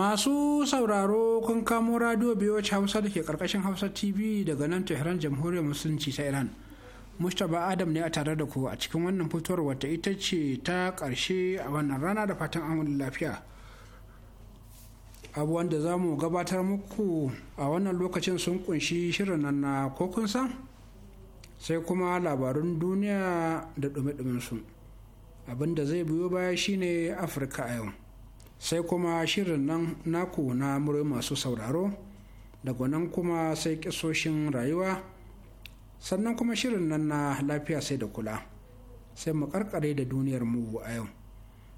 Masu sauraro kun kamo radio BOH Hausa da ke karkashin Hausa TV daga nan Tehran Jamhuriyar Musulunci ta Iran. Mustapha Adam ne a tare da ku a cikin wannan fitowar wata ita ce ta karshe a wannan rana da fatan an lafiya. abuwan da za mu gabatar muku a wannan lokacin sun kunshi shirin nan na kokun san sai kuma labarun duniya da ɗume-ɗumensu. Abin da zai biyo baya shine Afirka a yau. sai kuma shirin nan naku na murai masu sauraro daga nan kuma sai kisoshin rayuwa sannan kuma shirin nan na lafiya sai da kula sai mu karkare da duniyar mu a yau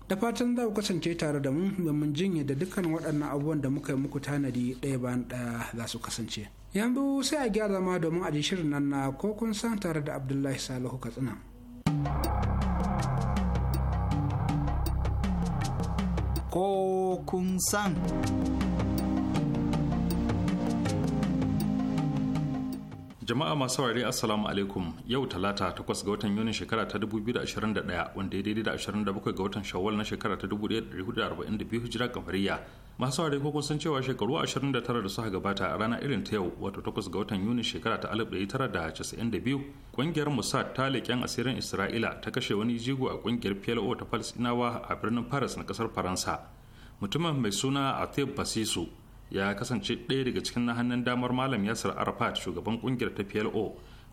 da fatan za ku kasance tare da mu domin jinya da dukkan waɗannan abubuwan da muka yi muku tanadi ɗaya bayan ɗaya za su kasance yanzu sai a gyara zama domin a ji shirin nan na ko kun san tare da abdullahi salihu katsina. ko kun san. Jama'a masu saurare Assalamu alaikum yau talata takwas ga watan Yuni shekara ta 2021 wanda ya daidai da 27 ga watan Shawwal na shekara ta 1442 Hijira kamariya. Masu saurare ko kun san cewa shekaru 29 da suka gabata a ranar irin ta yau wato takwas ga watan Yuni shekara ta 1992 kungiyar Mossad ta leƙen asirin Isra'ila ta kashe wani jigo a kungiyar PLO ta Falsinawa a birnin Paris na kasar Faransa. Mutumin mai suna Atib Basisu ya kasance ɗaya daga cikin na hannun damar malam yasir arafat shugaban kungiyar ta plo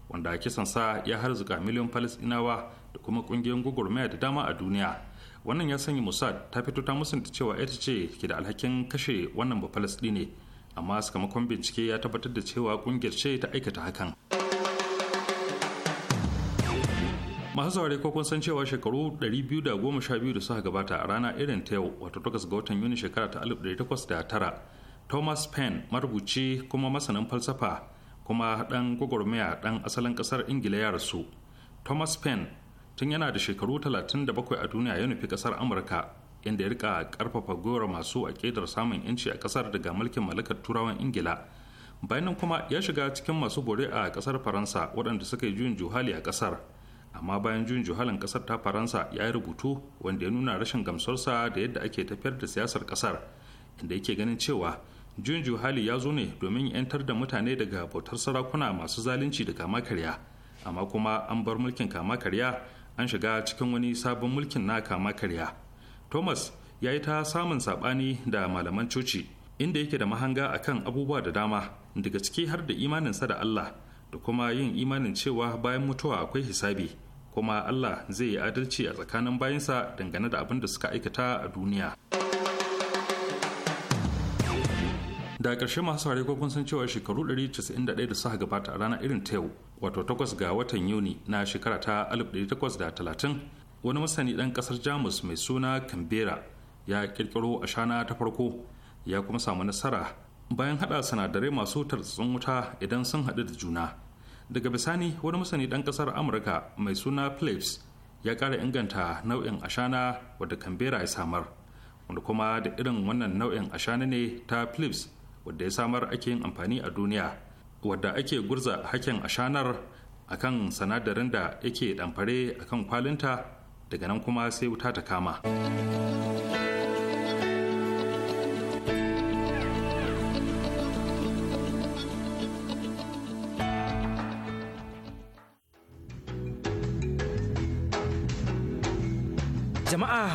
wanda kisan sa ya harzuka miliyan falasɗinawa da kuma kungiyoyin gugurmaya da dama a duniya wannan ya sanya musad ta fito ta musanta cewa ita ce ke da alhakin kashe wannan ba ne amma sakamakon bincike ya tabbatar da cewa kungiyar ce ta aikata hakan masu saurari ko kun san cewa shekaru 212 da suka gabata a rana irin ta yau wato 8 ga watan yuni shekara ta 1809 thomas penn marubuci kuma masanin falsafa kuma ɗan gwagwarmaya ɗan asalin ƙasar ingila ya rasu thomas penn tun yana da shekaru 37 a duniya ya nufi ƙasar amurka inda ya rika ƙarfafa gora masu aƙidar samun yanci a ƙasar daga mulkin mallakar turawan ingila bayanan kuma ya shiga cikin masu bore a ƙasar faransa waɗanda suka yi juyin juhali a ƙasar amma bayan juyin juhalin kasar ta faransa ya yi rubutu wanda ya nuna rashin gamsarsa da yadda ake tafiyar da siyasar ƙasar inda yake ganin cewa juyin juhali ya zo ne domin yantar da mutane daga bautar sarakuna masu zalunci da kama karya amma kuma an bar mulkin kama karya an shiga cikin wani sabon mulkin na kama karya thomas ya yi ta samun saɓani da malaman coci inda yake da mahanga a kan abubuwa da dama daga ciki har da imanin sa da allah da kuma yin imanin cewa bayan mutuwa akwai hisabi kuma allah zai yi adalci a tsakanin bayansa dangane da abin da suka aikata a duniya. da ƙarshe masu saurari ko kun san cewa shekaru 191 da suka gabata a rana irin ta yau wato 8 ga watan yuni na shekara ta 1830 wani masani dan ƙasar jamus mai suna kambera ya ƙirƙiro ashana ta farko ya kuma samu nasara bayan haɗa sinadarai masu tartsatsin wuta idan sun haɗu da juna daga bisani wani masani dan ƙasar amurka mai suna phillips ya kara inganta nau'in ashana wadda kambera ya samar wanda kuma da irin wannan nau'in ashana ne ta phillips wadda ya samar ake yin amfani a duniya wadda ake gurza haken ashanar kan sanadarin da yake damfare kan kwalinta daga nan kuma sai wuta ta kama.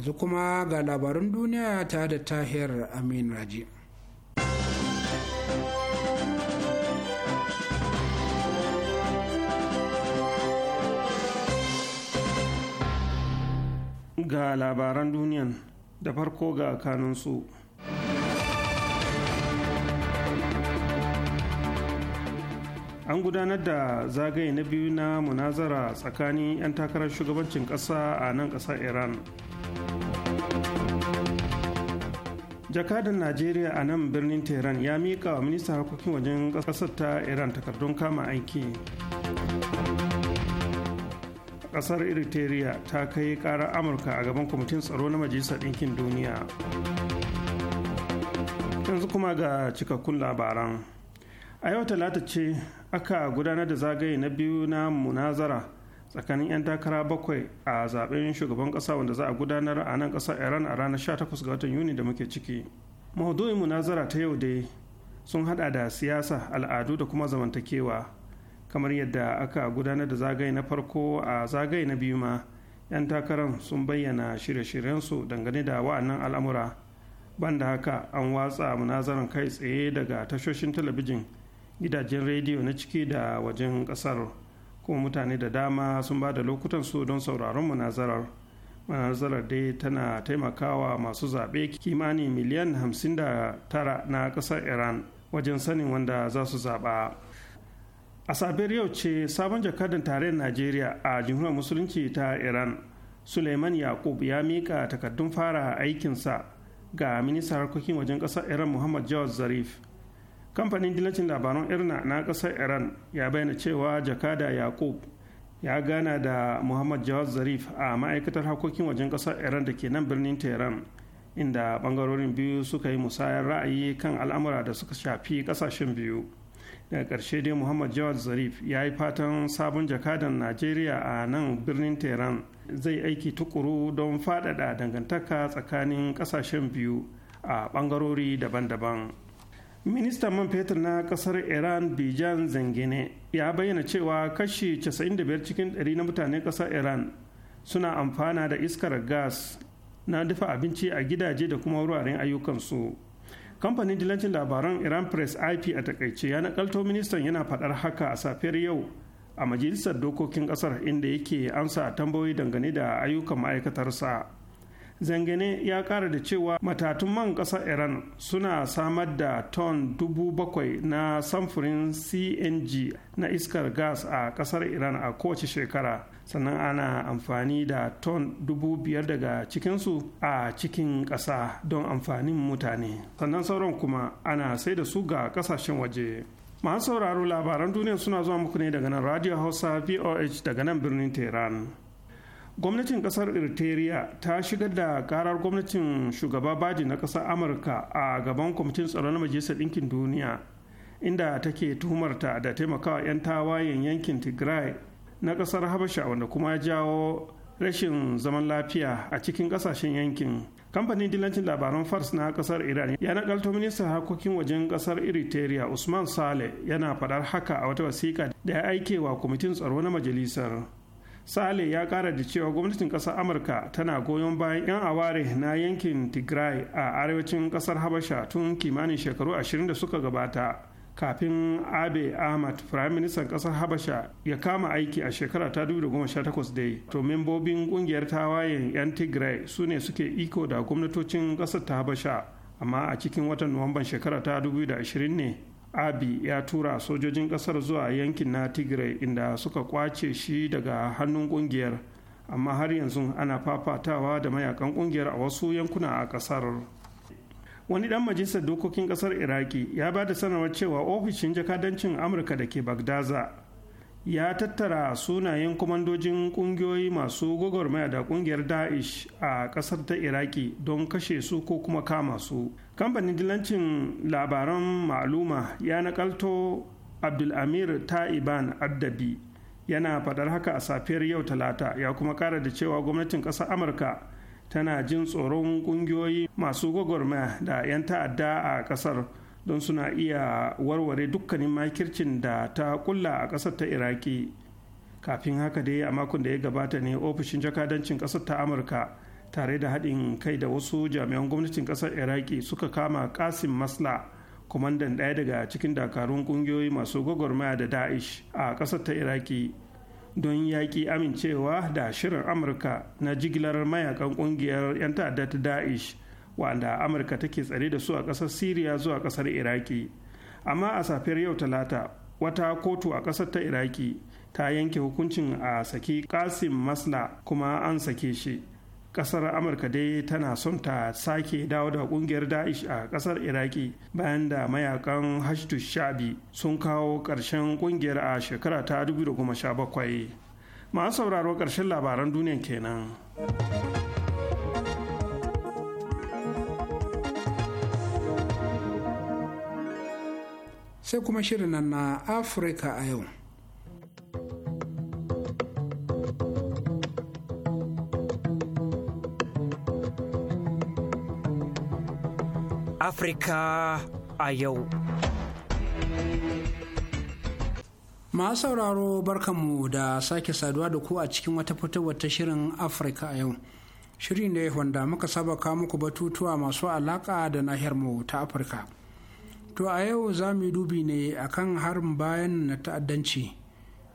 yanzu kuma ga labarin duniya ta da tahir amin raji ga labaran duniyan da farko ga kanunsu an gudanar da zagaye na biyu na munazara tsakanin 'yan takarar shugabancin kasa a nan ƙasar iran jakadan najeriya a nan birnin tehran ya mika wa ministan harkokin wajen kasar ta iran takardun kama aiki kasar eritrea ta kai karar amurka a gaban kwamitin tsaro na majalisar ɗinkin duniya yanzu kuma ga cikakkun labaran a yau talata ce aka gudanar da zagaye na biyu na munazara tsakanin 'yan takara bakwai a zaben shugaban kasa wanda za a gudanar a nan kasar iran a ranar 18 ga watan yuni da muke ciki maudu'in munazara ta yau dai sun hada da siyasa al'adu da kuma zamantakewa kamar yadda aka gudanar da zagaye na farko a zagaye na biyu ma 'yan takarar sun bayyana shirye-shiryensu dangane da wa'annan al'amura banda haka an watsa munazaran kai tsaye daga tashoshin talabijin gidajen rediyo na ciki da wajen kasar. kuma mutane da dama sun ba da lokutan su don sauraron munazarar manazarar dai tana taimakawa masu zaɓe kimanin miliyan 59 na ƙasar iran wajen sanin wanda za su zaɓa a sabir yau ce sabon jakadan tarayyar najeriya a jihunan musulunci ta iran suleiman yakub ya miƙa takardun fara aikinsa ga ministan harkokin wajen ƙasar iran muhammad jawad zarif kamfanin dillacin labaran irna na ƙasar iran ya bayyana cewa jakada yakub ya gana da muhammad jawad zarif a ma'aikatar harkokin wajen ƙasar iran da ke nan birnin tehran inda bangarorin biyu suka yi musayar ra'ayi kan al'amura da suka shafi ƙasashen biyu daga ƙarshe dai muhammad jawad zarif ya yi fatan sabon jakadan najeriya a nan birnin tehran zai aiki tukuru don faɗaɗa dangantaka tsakanin ƙasashen biyu a ɓangarori daban-daban. ministan man fetur na kasar iran bijan zangene ya bayyana cewa kashi 95 cikin 100 na mutanen kasar iran suna amfana da iskar gas na dafa abinci a gidaje da kuma wuraren ayyukansu kamfanin dilancin labaran iran press ip a takaice ya nakalto ministan yana faɗar haka a safiyar yau a majalisar dokokin kasar inda yake amsa tambayoyi dangane da ayyukan ma'aikatarsa zangane ya kara da cewa matatun man ƙasar iran suna samar da ton dubu bakwai na samfurin cng na iskar gas a ƙasar iran a kowace shekara sannan ana amfani da ton dubu biyar daga cikinsu a cikin ƙasa don amfanin mutane sannan sauran kuma ana sai da su ga ƙasashen waje masu sauraro labaran duniya suna zuwa muku ne daga nan radio hausa voh daga nan birnin tehran gwamnatin kasar eritrea ta shigar da karar gwamnatin shugaba baji na kasar amurka a gaban kwamitin tsaro na majalisar ɗinkin duniya inda take tuhumarta da taimakawa 'yan tawayen yankin tigray na kasar habasha wanda kuma jawo rashin zaman lafiya a cikin kasashen yankin kamfanin dilancin labaran fars na kasar iran ya nakalto ministan harkokin wajen kasar eritrea usman sale yana faɗar haka a wata wasiƙa da ya aike wa kwamitin tsaro na majalisar sale ya kara da cewa gwamnatin kasar amurka tana goyon bayan 'yan aware na yankin tigray a arewacin kasar habasha tun kimanin shekaru 20 da suka gabata kafin abe ahmad prime minister kasar habasha ya kama aiki a shekara ta 2018 dai to membobin kungiyar tawayen 'yan tigray su ne suke iko da gwamnatocin kasar ta habasha amma a cikin watan nuwamban shekara ta 2020 ne abi ya tura sojojin kasar zuwa yankin na tigray inda suka kwace shi daga hannun kungiyar amma har yanzu ana fafatawa da mayakan kungiyar a wasu yankuna a kasar wani dan majalisar dokokin kasar iraki ya ba da sanarwar cewa ofishin jakadancin amurka da ke bagdaza ya tattara sunayen kwamandojin kungiyoyi masu gwagwarmaya da kungiyar daesh a kasar ta iraki don kashe su ko kuma kama su kamfanin dilancin labaran ma'aluma ya nakalto abdulamir ta'iban addabi yana fadar haka a safiyar yau talata ya kuma kara da cewa gwamnatin kasar amurka tana jin tsoron kungiyoyi masu gwagwarmaya da 'yan ta'adda a kasar don suna iya warware dukkanin makircin da ta kulla a ƙasar ta iraki kafin haka dai a makon da ya gabata ne ofishin jakadancin ƙasar ta amurka tare da haɗin kai da wasu jami'an gwamnatin ƙasar iraki suka kama kasim masla kwamandan ɗaya daga cikin dakarun ƙungiyoyi masu gwagwarmaya da da'ish a ƙasar ta iraki don yaƙi amincewa da shirin amurka na jigilar mayakan ƙungiyar 'yan ta'adda ta da'ish waɗanda amurka take tsare da su a ƙasar siriya zuwa ƙasar iraki amma a safiyar yau talata wata kotu a ƙasar ta iraki ta yanke hukuncin a saki kasim masla kuma an sake shi ƙasar amurka dai tana son ta sake dawo da ƙungiyar da'ish a ƙasar iraki bayan da mayakan hashtu shabi sun kawo ƙarshen ƙungiyar a shekara ta 2017 masu sauraro ƙarshen labaran duniya kenan. sai kuma shirin na afirka a yau afirka a yau masu sauraro barkanmu da sake saduwa da ku a cikin wata fitowar ta shirin afirka a yau shiri ne wanda muka saba muku batutuwa masu alaƙa da nahiyar mu ta afirka to a yau za mu dubi ne akan harin bayan na ta'addanci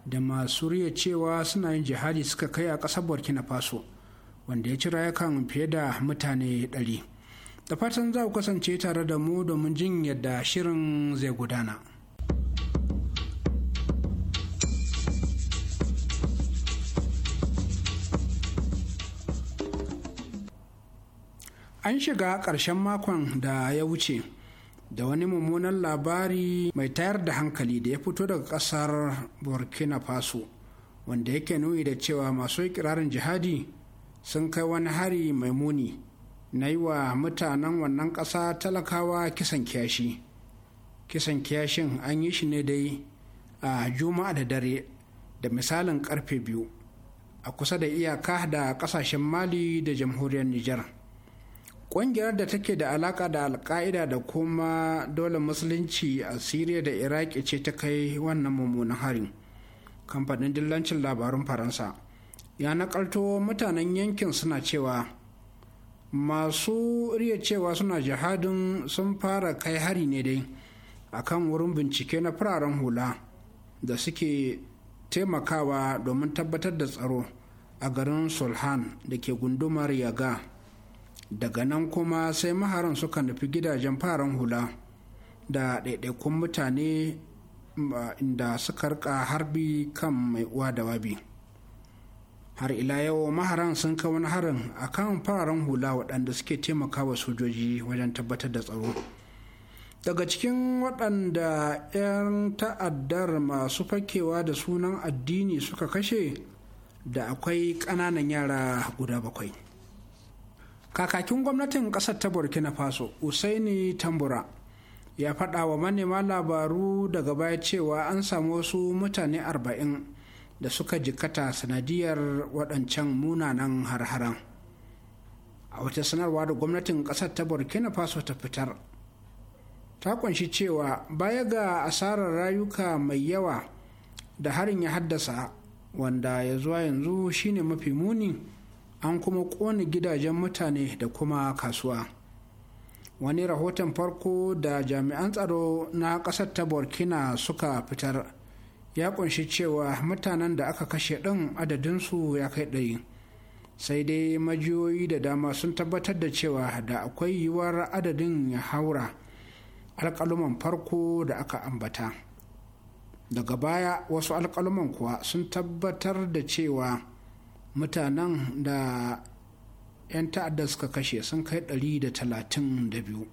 da masu riya cewa suna yin jihadi suka kai a ƙasar burkina faso wanda ya ci rayukan fiye da mutane ɗari da fatan za ku kasance tare da mu domin jin yadda shirin zai gudana. an shiga ƙarshen makon da ya wuce da wani mummunan labari mai tayar da hankali da ya fito daga kasar burkina faso wanda yake nuni da cewa masu ikirarin jihadi sun kai wani hari mai muni na yi wa mutanen wannan ƙasa talakawa kisan kiyashi kisan kiyashin an yi shi ne dai a juma'a da dare da misalin karfe biyu a kusa da iyaka da kasashen mali da jamhuriyar nijar ƙungiyar da take da alaƙa da alƙa'ida da kuma dole musulunci a siriya da iraki ce ta kai wannan mummunan harin kamfanin dillancin labarun faransa ya nakalto mutanen yankin suna cewa masu riya cewa suna jihadin sun fara kai hari ne dai a kan wurin bincike na fararen hula da suke taimakawa domin tabbatar da tsaro a garin sulhan da ke gundumar yaga daga nan kuma sai maharan suka nufi gidajen faran hula da ɗaiɗaikun mutane mm, inda suka rika harbi kan mai uwa da wabi har ila yau maharan sun kai wani harin a kan fararen hula waɗanda suke taimakawa sojoji wajen tabbatar da tsaro daga cikin waɗanda 'yan ta'addar masu fakewa da sunan addini suka kashe da akwai ƙananan yara guda bakwai kakakin gwamnatin ƙasar ta burkina faso usaini tambura ya faɗa wa manema labaru daga baya cewa an samu wasu mutane arba'in da suka jikata sanadiyar waɗancan munanan har a wata sanarwa da gwamnatin ƙasar ta burkina faso ta fitar ta kunshi cewa baya ga asarar rayuka mai yawa da harin ya haddasa wanda ya zuwa yanzu shine mafi muni an kuma kone gidajen mutane da kuma kasuwa wani rahoton farko da jami'an tsaro na ƙasar ta burkina suka fitar ya kunshi cewa mutanen da aka kashe ɗin adadinsu ya kai ɗaya. sai dai majiyoyi da dama sun tabbatar da cewa da akwai yiwuwar adadin ya haura alƙaluman farko da aka ambata daga baya wasu alƙaluman kuwa sun tabbatar da cewa mutanen da 'yan ta'adda suka kashe sun kai 132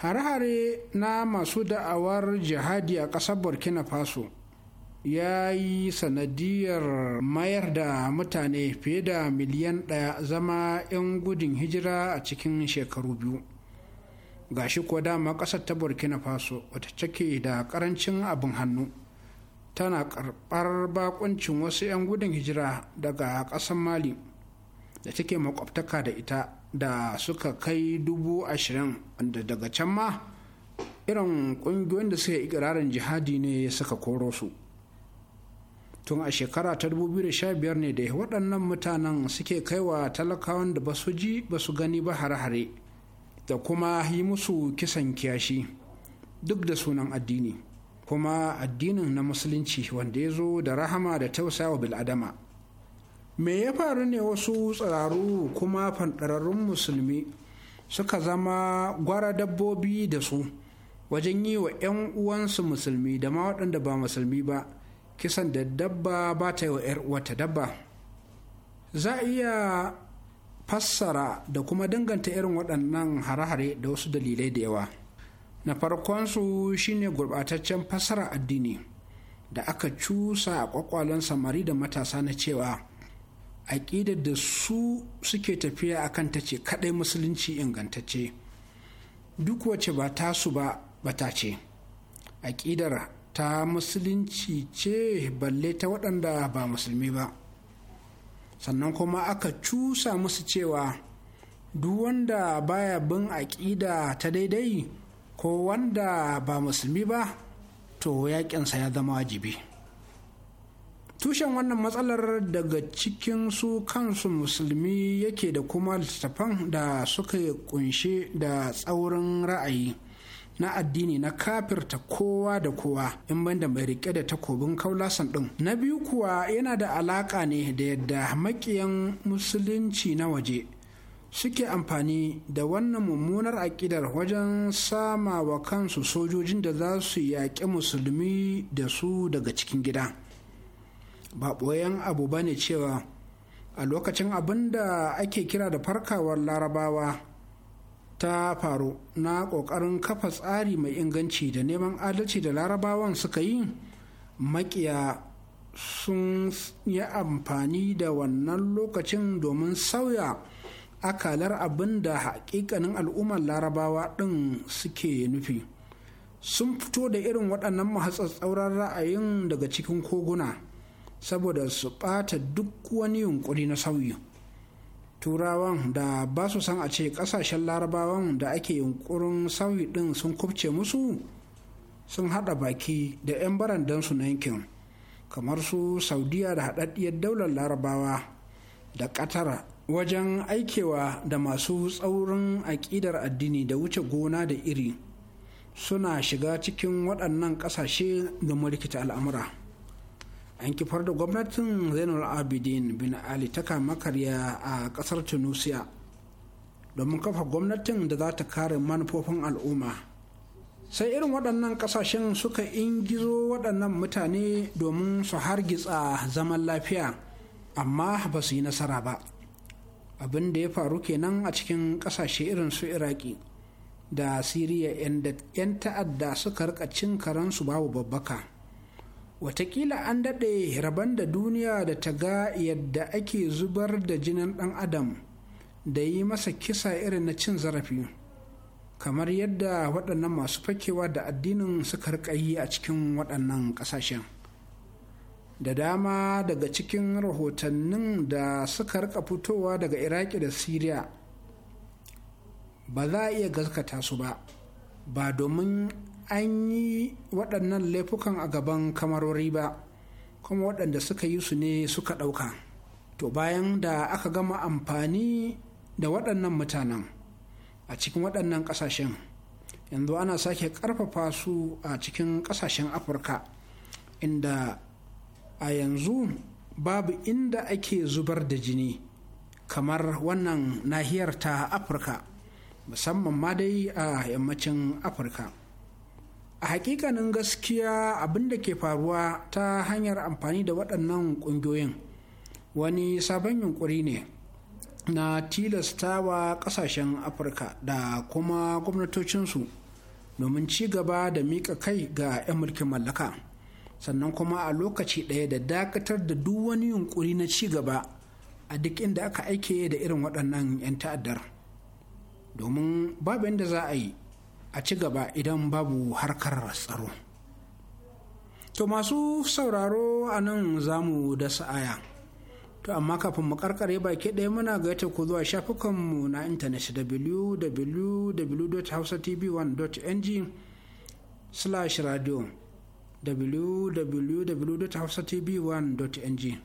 hare-hare na masu da'awar jihadi a ƙasar burkina faso ya yi sanadiyar mayar da mutane fiye da miliyan ɗaya zama 'yan gudun hijira a cikin shekaru biyu gashi kuwa dama ƙasar ta burkina faso wata cike da ƙarancin abin hannu tana karɓar bakuncin wasu 'yan gudun hijira daga ƙasar mali da take makwabtaka da ita da suka kai dubu ashirin wanda daga can ma irin ƙungiyoyin da suka ikirarin jihadi ne suka koro su tun a shekara ta 2015 ne da waɗannan mutanen suke kaiwa talakawan da ba su ji ba su gani ba hare-hare da kuma yi musu kisan kiyashi duk da sunan addini. kuma addinin na musulunci wanda ya zo da rahama da tausawa bil'adama me ya faru ne wasu tsiraru kuma fanɗararrun musulmi suka zama gwara dabbobi da su wajen yi wa 'yan uwansu musulmi da ma waɗanda ba musulmi ba kisan da dabba ba ta yi wa 'yar wata dabba za a iya fassara da kuma danganta irin waɗannan hare-hare da wasu dalilai da yawa. na farkonsu shine gurbataccen fasara addini da aka cusa a ƙwaƙwalon samari da matasa na cewa aƙidar da su suke tafiya a kan ta ce kaɗai musulunci ingantacce duk wace ba tasu ba bata ce aƙidar ta musulunci ce balle ta waɗanda ba musulmi ba sannan kuma aka cusa musu cewa duk wanda baya bin aƙida ta daidai ko wanda ba musulmi ba to yakinsa ya zama wajibi tushen wannan matsalar daga cikin su kansu musulmi yake da kuma littattafan da suka kunshe da tsaurin ra'ayi na addini na kafirta kowa da kowa in banda mai rike da takobin kaulasan ɗin. Na biyu kuwa yana da alaƙa ne da yadda makiyan musulunci na waje suke amfani da wannan mummunar aƙidar wajen sama wa kansu sojojin da za su yaƙi musulmi da su daga cikin gida ba ɓoyen abu ba ne cewa a lokacin abin da ake kira da farkawar larabawa ta faru na ƙoƙarin kafa tsari mai inganci da neman adalci da larabawan suka yi maƙiya sun yi amfani da wannan lokacin domin sauya akalar abin da hakikanin al'ummar larabawa ɗin suke nufi sun fito da irin waɗannan mahatsatsauran ra'ayin daga cikin koguna saboda su ɓata duk wani yunƙuri na sauyi turawan da ba su san a ce ƙasashen larabawan da ake yunƙurin sauyi ɗin sun kubce musu sun haɗa baki da 'yan barandansu na yankin kamar su saudiya da haɗaɗɗiyar daular larabawa da ƙatar wajen aikewa da masu tsaurin aƙidar addini da wuce gona da iri suna shiga cikin waɗannan ƙasashe da mulkita al'amura an kifar da gwamnatin zainul abidin bin ali ta makarya a ƙasar tunisia domin kafa gwamnatin da za ta kare manufofin al'umma sai irin waɗannan ƙasashen suka ingizo waɗannan mutane domin su hargitsa zaman lafiya amma ba su yi nasara ba abin da ya faru kenan a cikin ƙasashe irin su iraki da siriya 'yan ta'adda suka rika cin karansu babu babbaka watakila an daɗe rabon da duniya da ta ga yadda ake zubar da jinin ɗan adam da yi masa kisa irin na cin zarafi kamar yadda waɗannan masu fakewa da addinin suka rika yi a cikin waɗannan ƙasashen da dama daga cikin rahotannin da suka rika fitowa daga iraki da syria ba za a iya gaskata su ba ba domin an yi waɗannan laifukan a gaban kamarori ba kuma waɗanda suka yi su ne suka ɗauka to bayan da aka gama amfani da waɗannan mutanen a cikin waɗannan ƙasashen yanzu ana sake ƙarfafa su a cikin ƙasashen afirka inda a yanzu babu inda ake zubar da jini kamar wannan nahiyar ta afirka musamman ma dai a yammacin afirka a hakikanin gaskiya abin da ke faruwa ta hanyar amfani da waɗannan ƙungiyoyin wani sabon yunkuri ne na tilastawa ƙasashen afirka da kuma gwamnatocinsu domin ci gaba da miƙa kai ga 'yan mulkin mallaka sannan kuma a lokaci ɗaya da dakatar da duk wani yunkuri na ci gaba a duk inda aka aike da irin waɗannan 'yan ta'addar domin babu inda za a yi a ci gaba idan babu harkar tsaro to masu sauraro a nan za mu da sa'aya. To amma kafin mu karkare baki ɗaya muna gaita ku zuwa shafukanmu na intanet www.hausatv1.ng radio www.hausatv1.ng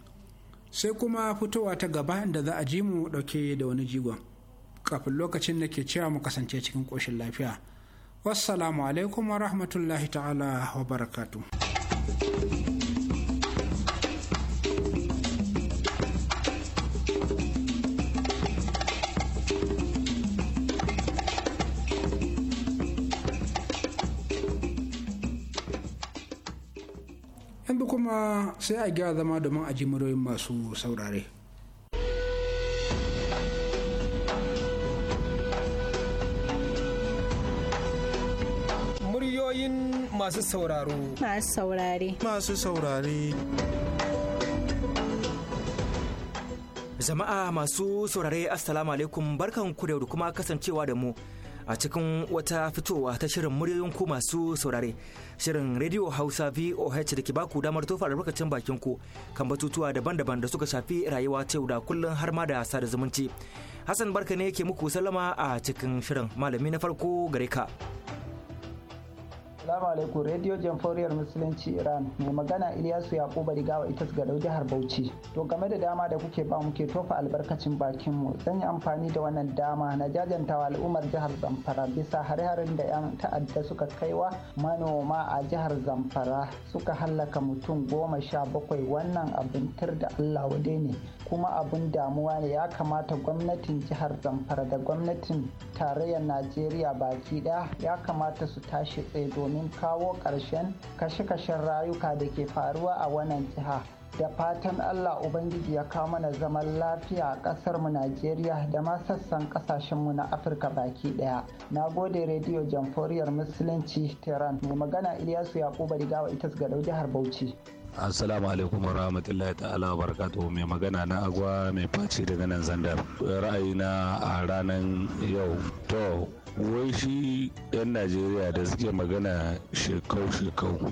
sai kuma fitowa ta gaba da za a ji mu dauke da wani jigon kafin lokacin da ke cewa mu kasance cikin koshin lafiya wassalamu alaikum wa rahmatullahi ta'ala wa barakatu. yanzu kuma sai a gyara zama domin a ji masu saurare. Muryoyin masu sauraro. Masu saurare. Masu saurare. Jama'a masu saurare Assalamu alaikum barkan ku da kuma kasancewa da mu. a cikin wata fitowa ta shirin muryoyin ku masu saurare shirin radio hausa voh da ke baku damar tofa albarkacin bakin ku kan batutuwa daban-daban da suka shafi rayuwa ta da kullun har ma da sada zumunci hassan barka ne ke muku sallama a cikin shirin malami na farko gare ka. Assalamu alaikum Radio Jamhuriyar Musulunci Iran mai magana Ilyasu Yakuba Rigawa ita Gadau jihar Bauchi. To game da dama da kuke ba mu ke tofa albarkacin bakin mu zan yi amfani da wannan dama na jajantawa al'ummar jihar Zamfara bisa har harin da 'yan ta'adda suka kaiwa manoma a jihar Zamfara suka hallaka mutum goma sha bakwai wannan abin tir da Allah wade ne kuma abin damuwa ne ya kamata gwamnatin jihar Zamfara da gwamnatin tarayyar Najeriya baki ɗaya ya kamata su tashi tsaye domin domin kawo ƙarshen kashe-kashen rayuka da ke faruwa a wannan jiha. da fatan Allah Ubangiji ya kawo mana zaman lafiya a ƙasar mu Najeriya da ma sassan mu na Afirka baki ɗaya. Na gode Rediyo Jamforiyar Musulunci Tehran mai magana Ilyasu Yakubu Rigawa Itas Gadau jihar Bauchi. Assalamu alaikum wa rahmatullahi ta'ala wa barakatuh mai magana na agwa mai faci daga nan zandar. Ra'ayina a ranar yau. To wai shi 'yan najeriya da suke magana shekau-shekau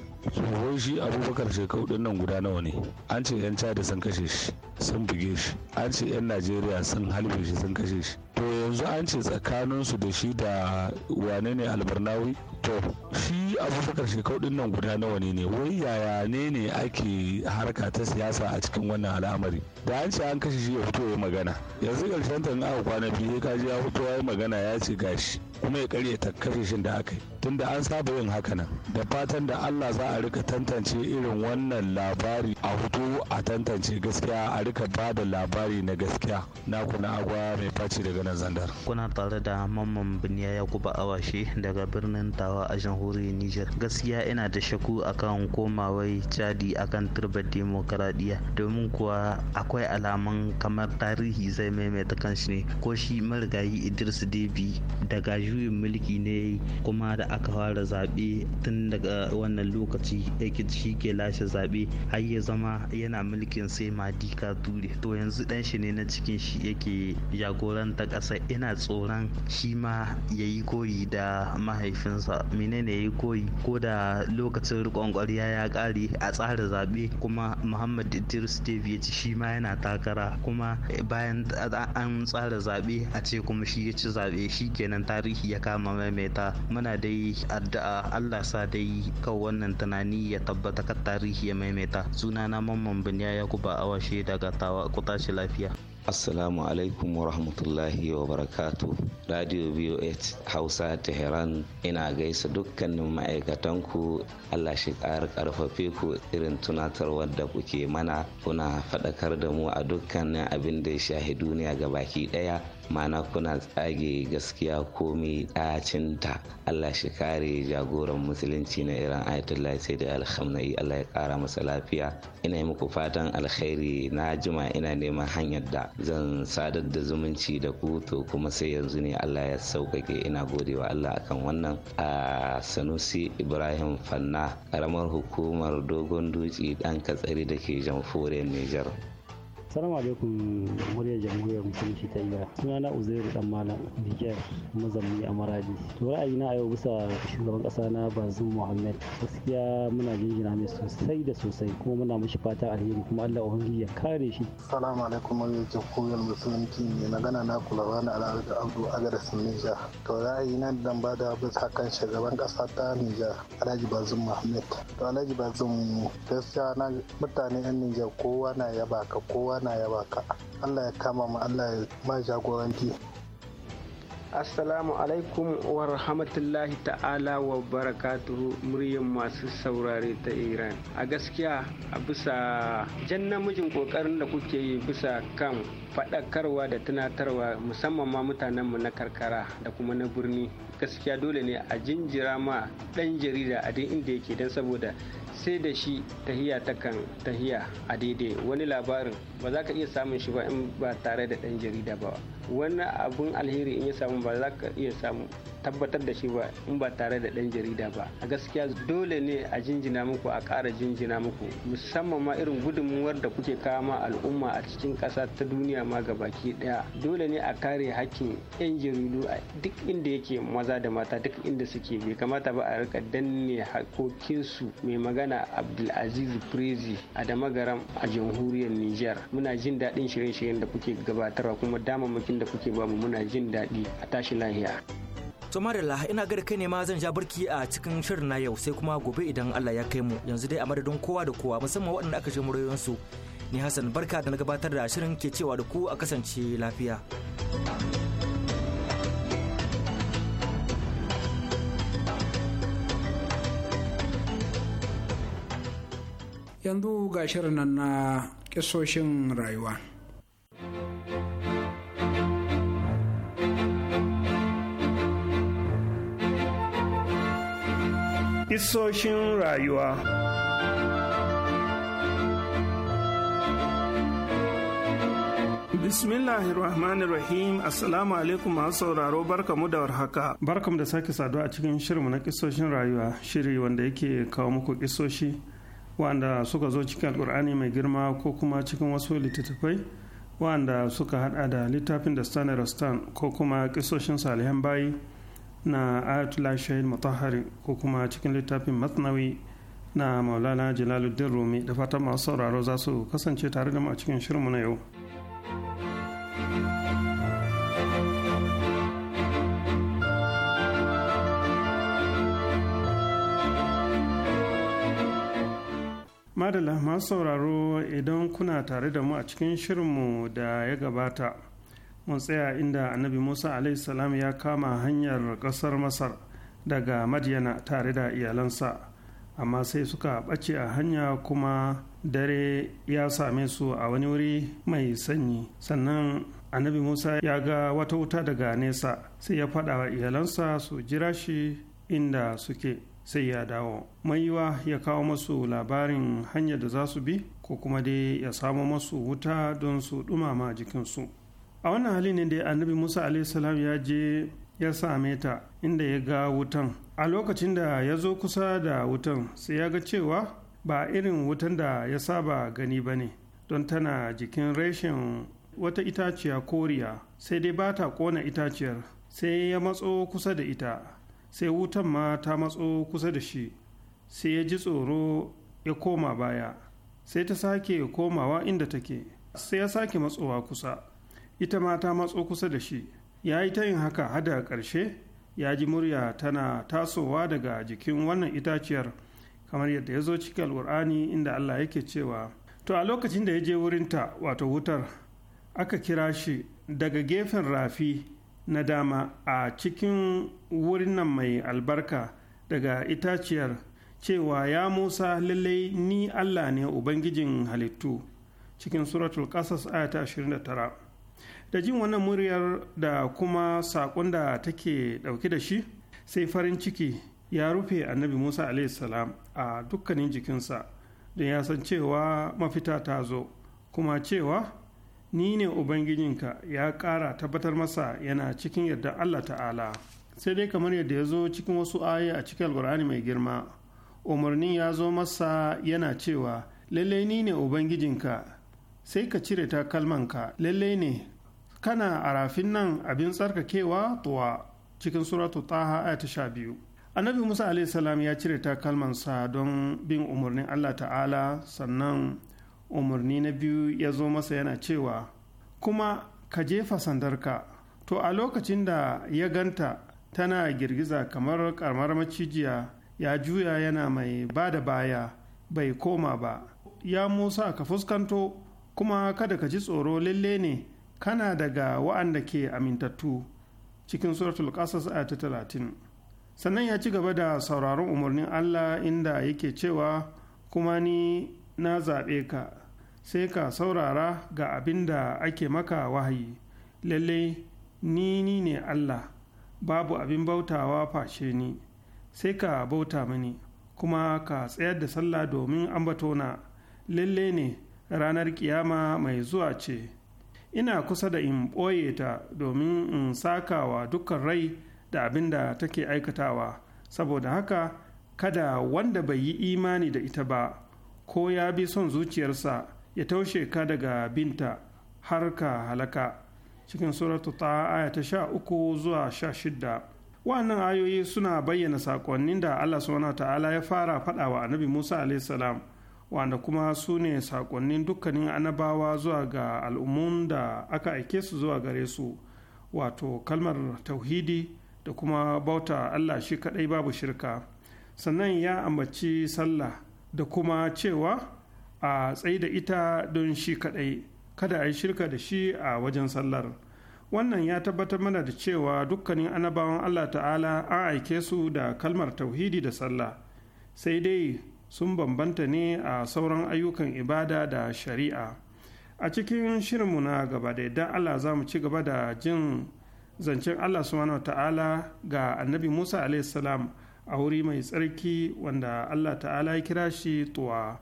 wai shi abubakar shekau din nan guda nawa ne an ce 'yan chad sun kashe shi sun buge shi an ce 'yan najeriya sun halbe shi sun kashe shi to yanzu an ce tsakaninsu da shi da wane ne albarnawi to shi abubakar shekau din nan guda nawa ne ne wai yaya ne ne ake harka ta siyasa a cikin wannan al'amari da an ce an kashe shi ya fito ya magana yanzu karshen ta aka kwana biyu ka ji ya fito ya magana ya ce gashi kuma ya karya ta kashe shin da aka yi tunda an saba yin haka nan da fatan da Allah za a rika tantance irin wannan labari a hutu a tantance gaskiya a rika ba da labari na gaskiya na kuna agwa mai faci daga nan zandar kuna tare da mamman biniya yakuba awashe daga birnin tawa bugawa a jamhuriyar Nijar. Gaskiya ina da shaku akan komawai cadi akan turbar demokaradiyya domin kuwa akwai alaman kamar tarihi zai maimaita kanshi ne ko shi marigayi Idris Debi daga juyin mulki ne kuma da aka fara zaɓe tun daga wannan lokaci yake shi ke lashe zaɓe har ya zama yana mulkin sai Madi Kature to yanzu ɗan shi ne na cikin shi yake jagoranta ƙasa ina tsoron shi ma ya yi koyi da mahaifinsa menene ya koyi ko da lokacin rikon ƙwarya ya ƙare a tsara zaɓe kuma muhammad idris steve ya ci shi ma yana takara kuma bayan an tsara zaɓe a ce kuma shi ya ci zaɓe shi kenan tarihi ya kama maimaita muna dai addu'a allah sa dai kan wannan tunani ya tabbata kan tarihi ya maimaita sunana mamman biniya ya ba awashe daga tawa ku lafiya. Assalamu alaikum wa rahmatullahi wa barakatu. Radio BOH Hausa teheran ina gaisa dukkanin ma'aikatanku Allah shi ƙar ƙarfafe ku irin tunatarwar da kuke mana kuna faɗakar da mu a dukkanin abin da ya shahi duniya ga baki ɗaya mana kuna tsage gaskiya komi ɗacinta allah shi kare jagoran musulunci na iran ayatollah sai da alhamdulillah allah ya kara masa lafiya ina yi muku fatan alkhairi na jima ina neman hanyar da zan sadar da zumunci da ku to kuma sai yanzu ne allah ya sauƙaƙe ina godewa allah akan wannan a sanusi ibrahim fanna karamar hukumar dogon dutse dan katsari da ke jamhuriyar niger Assalamu alaikum muryar jamhuriyar musulunci ta Iran. Sunana Uzairu dan Malam Niger mazamni a Maradi. To ra'ayina a yau bisa shugaban kasa na Bazoum Mohammed. Gaskiya muna jinjina mai sosai da sosai kuma muna mishi fatan alheri kuma Allah ubangiji ya kare shi. Assalamu alaikum muryar jamhuriyar musulunci ne magana na kulawa na al'adar da Abdu Agadas Niger. To ra'ayina dan bada bisa kan shugaban kasa ta Niger Alhaji Bazoum Mohammed. To Alhaji Bazoum gaskiya na mutane 'yan Niger kowa na yaba ka kowa na ina yaba ka allah ya kama mu allah ya ma jagoranci Assalamu alaikum wa rahmatullahi ta'ala wa barakatuhu murya masu saurare ta Iran. A gaskiya a bisa jan namijin kokarin da kuke yi bisa kan faɗakarwa da tunatarwa musamman ma mu na karkara da kuma na birni. Gaskiya dole ne a jinjira ma ɗan jarida a duk inda yake don saboda sai da shi tahiya kan tahiya a daidai wani labarin ba za ka iya samun shi ba in ba tare da ɗan jarida ba wani abun alheri in ya samu ba za ka iya samu tabbatar da shi ba in ba tare da ɗan jarida ba a gaskiya dole ne a jinjina muku a ƙara jinjina muku musamman ma irin gudunmuwar da kuke kawo ma al'umma a cikin ƙasa ta duniya ma ga baki ɗaya dole ne a kare hakkin 'yan jaridu a duk inda yake maza da mata duk inda suke bai kamata ba a rika danne hakokinsu mai magana abdulaziz prezi a damagaram a jamhuriyar niger muna jin daɗin shirye-shiryen da kuke gabatarwa kuma damammakin da kuke bamu muna jin daɗi a tashi lahiya. To Marilla ina ga kai ne ma zan ja barki a cikin shirin na yau sai kuma gobe idan Allah ya kai mu yanzu dai a madadin kowa da kowa musamman waɗanda aka je su Ni Hassan barka da na gabatar da shirin ke cewa da ku a kasance lafiya. Yanzu ga shirin nan na kisoshin rayuwa. Kisoshin rayuwa. Bismillahirrahmanirrahim Assalamu alaikum masu sauraro barkamu da warhaka. Barkamu da sake saduwa a cikin shirinmu na kisoshin rayuwa, shiri wanda yake kawo muku kisoshi wanda suka zo cikin alkur'ani mai girma ko kuma cikin wasu littattafai wanda suka hada da littafin da Rostan ko kuma kisoshin salihan bayi. na ayatollah mutahari ko kuma cikin littafin masnawi na maulana jalaluddin rumi da fatan masu sauraro za su kasance tare da mu a cikin shirinmu na yau madalla masu sauraro idan kuna tare da mu a cikin shirinmu da ya gabata mun tsaya inda annabi musa salam ya kama hanyar ƙasar masar daga madiyana tare da iyalansa amma sai suka ɓace a hanya kuma dare ya same su a wani wuri mai sanyi sannan annabi musa ya ga wata wuta daga nesa sai ya faɗa wa iyalansa su jira shi inda suke sai ya dawo maiwa ya kawo masu labarin hanyar da za su bi ko kuma dai ya samo masu wuta don su ɗumama jikinsu a wannan hali ne da annabi musa salam ya je ya same ta inda ya ga wutan a lokacin da ya zo kusa da wutan sai ya ga cewa ba irin wutan da ya saba gani ba ne don tana jikin reshen wata itaciya koriya sai dai ba ta kona itaciyar sai ya matso kusa da ita sai wutan ma ta matso kusa da shi sai ya ji tsoro ya koma baya sai ta sake komawa inda take sai ya sake matsowa kusa ita ma ta matso kusa da shi ya yi ta yin haka hada ƙarshe ya ji murya tana tasowa daga jikin wannan itaciyar kamar yadda ya zo cikin alwurani inda allah yake cewa to a lokacin da ya je wurinta wato wutar aka kira shi daga gefen rafi na dama a cikin wurin nan mai albarka daga itaciyar cewa ya musa lallai ni allah ne ubangijin halittu cikin suratul ƙasas ayata 29 da jin wannan muryar da kuma saƙon da take ɗauke da shi sai farin ciki ya rufe annabi musa salam a dukkanin jikinsa don ya san cewa mafita ta zo kuma cewa ni ne ubangijinka ya ƙara tabbatar masa yana cikin yadda allah ta'ala sai dai kamar yadda ya zo cikin wasu aya a cikin alkur'ani mai girma umarnin ya zo masa yana cewa lallai ni ne ubangijinka sai ka cire kalmanka lallai ne kana a rafin nan abin tsarkakewa tuwa cikin suratu taha aya ta sha biyu annabi musa salam ya cire takalmansa don bin umarnin allah ta'ala sannan umarni na biyu ya zo masa yana cewa kuma ka jefa sandarka to a lokacin da ya ganta tana girgiza kamar karamar macijiya ya juya yana mai ba da baya bai koma ba ya musa ka fuskanto kuma kada ka ji tsoro lalle ne kana daga wa'anda ke amintattu cikin suratul qasas ta talatin, sannan ya ci gaba da sauraron umarnin Allah inda yake cewa kuma ni na zaɓe ka sai ka saurara ga abin da ake maka wahayi lalle ni ni ne Allah babu abin bautawa fashe ni sai ka bauta mani, kuma ka tsayar da sallah domin ambatona lalle ne ranar kiyama mai zuwa ce ina kusa da in ɓoye ta domin in saka wa dukkan rai da abin da take aikatawa saboda haka kada wanda bai yi imani da ita ba ko ya bi son zuciyarsa ya taushe ka daga binta har ka halaka cikin suratu ta aya ta sha uku zuwa sha shidda wa'annan ayoyi suna bayyana saƙonnin da allah subhanahu ta'ala ya fara faɗawa annabi musa alaihi wanda kuma su ne saƙonnin dukkanin anabawa zuwa ga al'ummun da aka aike su zuwa gare su wato kalmar tauhidi da kuma bauta allah shi kaɗai babu shirka sannan ya ambaci sallah da kuma cewa a tsayi da ita don shi kaɗai kada a yi shirka da shi a wajen sallar wannan ya tabbatar mana da cewa dukkanin annabawan allah ta'ala an aike su da kalmar tauhidi da sallah sai dai sun bambanta ne a sauran ayyukan ibada da shari'a a cikin shirinmu na gaba da idan allah za mu ci gaba da jin zancen allah subhanahu ta'ala ga annabi musa salam a wuri mai tsarki wanda allah ta'ala ya kira shi tuwa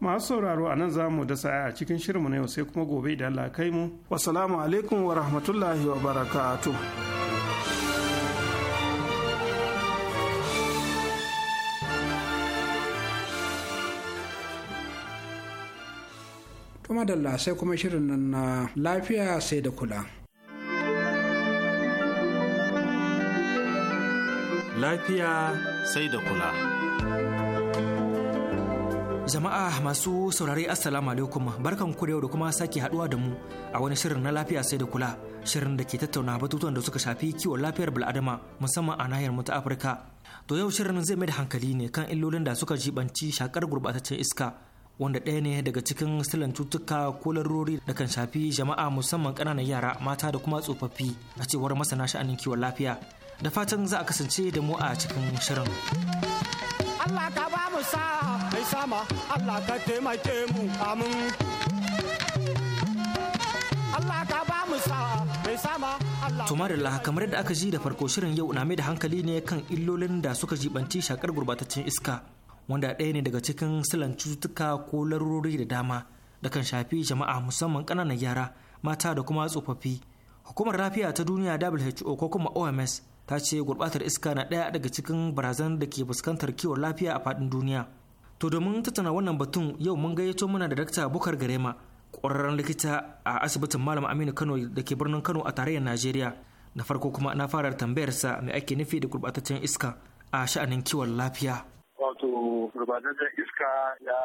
masu sauraro a nan za mu da sa'a a cikin shirinmu na yau sai kuma gobe idan allah kai mu wasalamu alaikum wa rahmatullahi wa barakatuh kuma da sai kuma shirin nan na lafiya sai da kula. Lafiya sai da kula. Jama'a masu saurari Assalamu alaikum barkan ku da yau da kuma sake haduwa da mu a wani shirin na lafiya sai da kula shirin da ke tattauna batutuwan da suka shafi kiwon lafiyar bil'adama musamman a nahiyar mu ta Afirka. To yau shirin zai mai da hankali ne kan illolin da suka jibanci shakar gurbataccen iska wanda ɗaya ne daga cikin silan cutuka ko larurori da kan shafi jama'a musamman ƙananan yara mata da kuma tsofaffi a cewar masana sha'anin kiwon lafiya da fatan za a kasance da mu a cikin shirin Allah ka ba mu sa mai sama Allah ka taimake mu amin Allah ka ba mu sa mai sama To kamar yadda aka ji da farko shirin yau na mai da hankali ne kan illolin da suka jibanci shakar gurbataccen iska wanda ɗaya ne daga cikin silan cututtuka ko larurori da dama da kan shafi jama'a musamman ƙananan yara mata da kuma tsofaffi hukumar lafiya ta duniya who ko kuma oms ta ce gurbatar iska na ɗaya daga cikin barazan da ke fuskantar kiwon lafiya a faɗin duniya to domin tattauna wannan batun yau mun gayyato muna da dakta bukar garema ƙwararren likita a asibitin malam aminu kano da ke birnin kano a tarayyar najeriya na farko kuma na fara tambayarsa mai ake nufi da gurbataccen iska a sha'anin kiwon lafiya gurbatar iska ya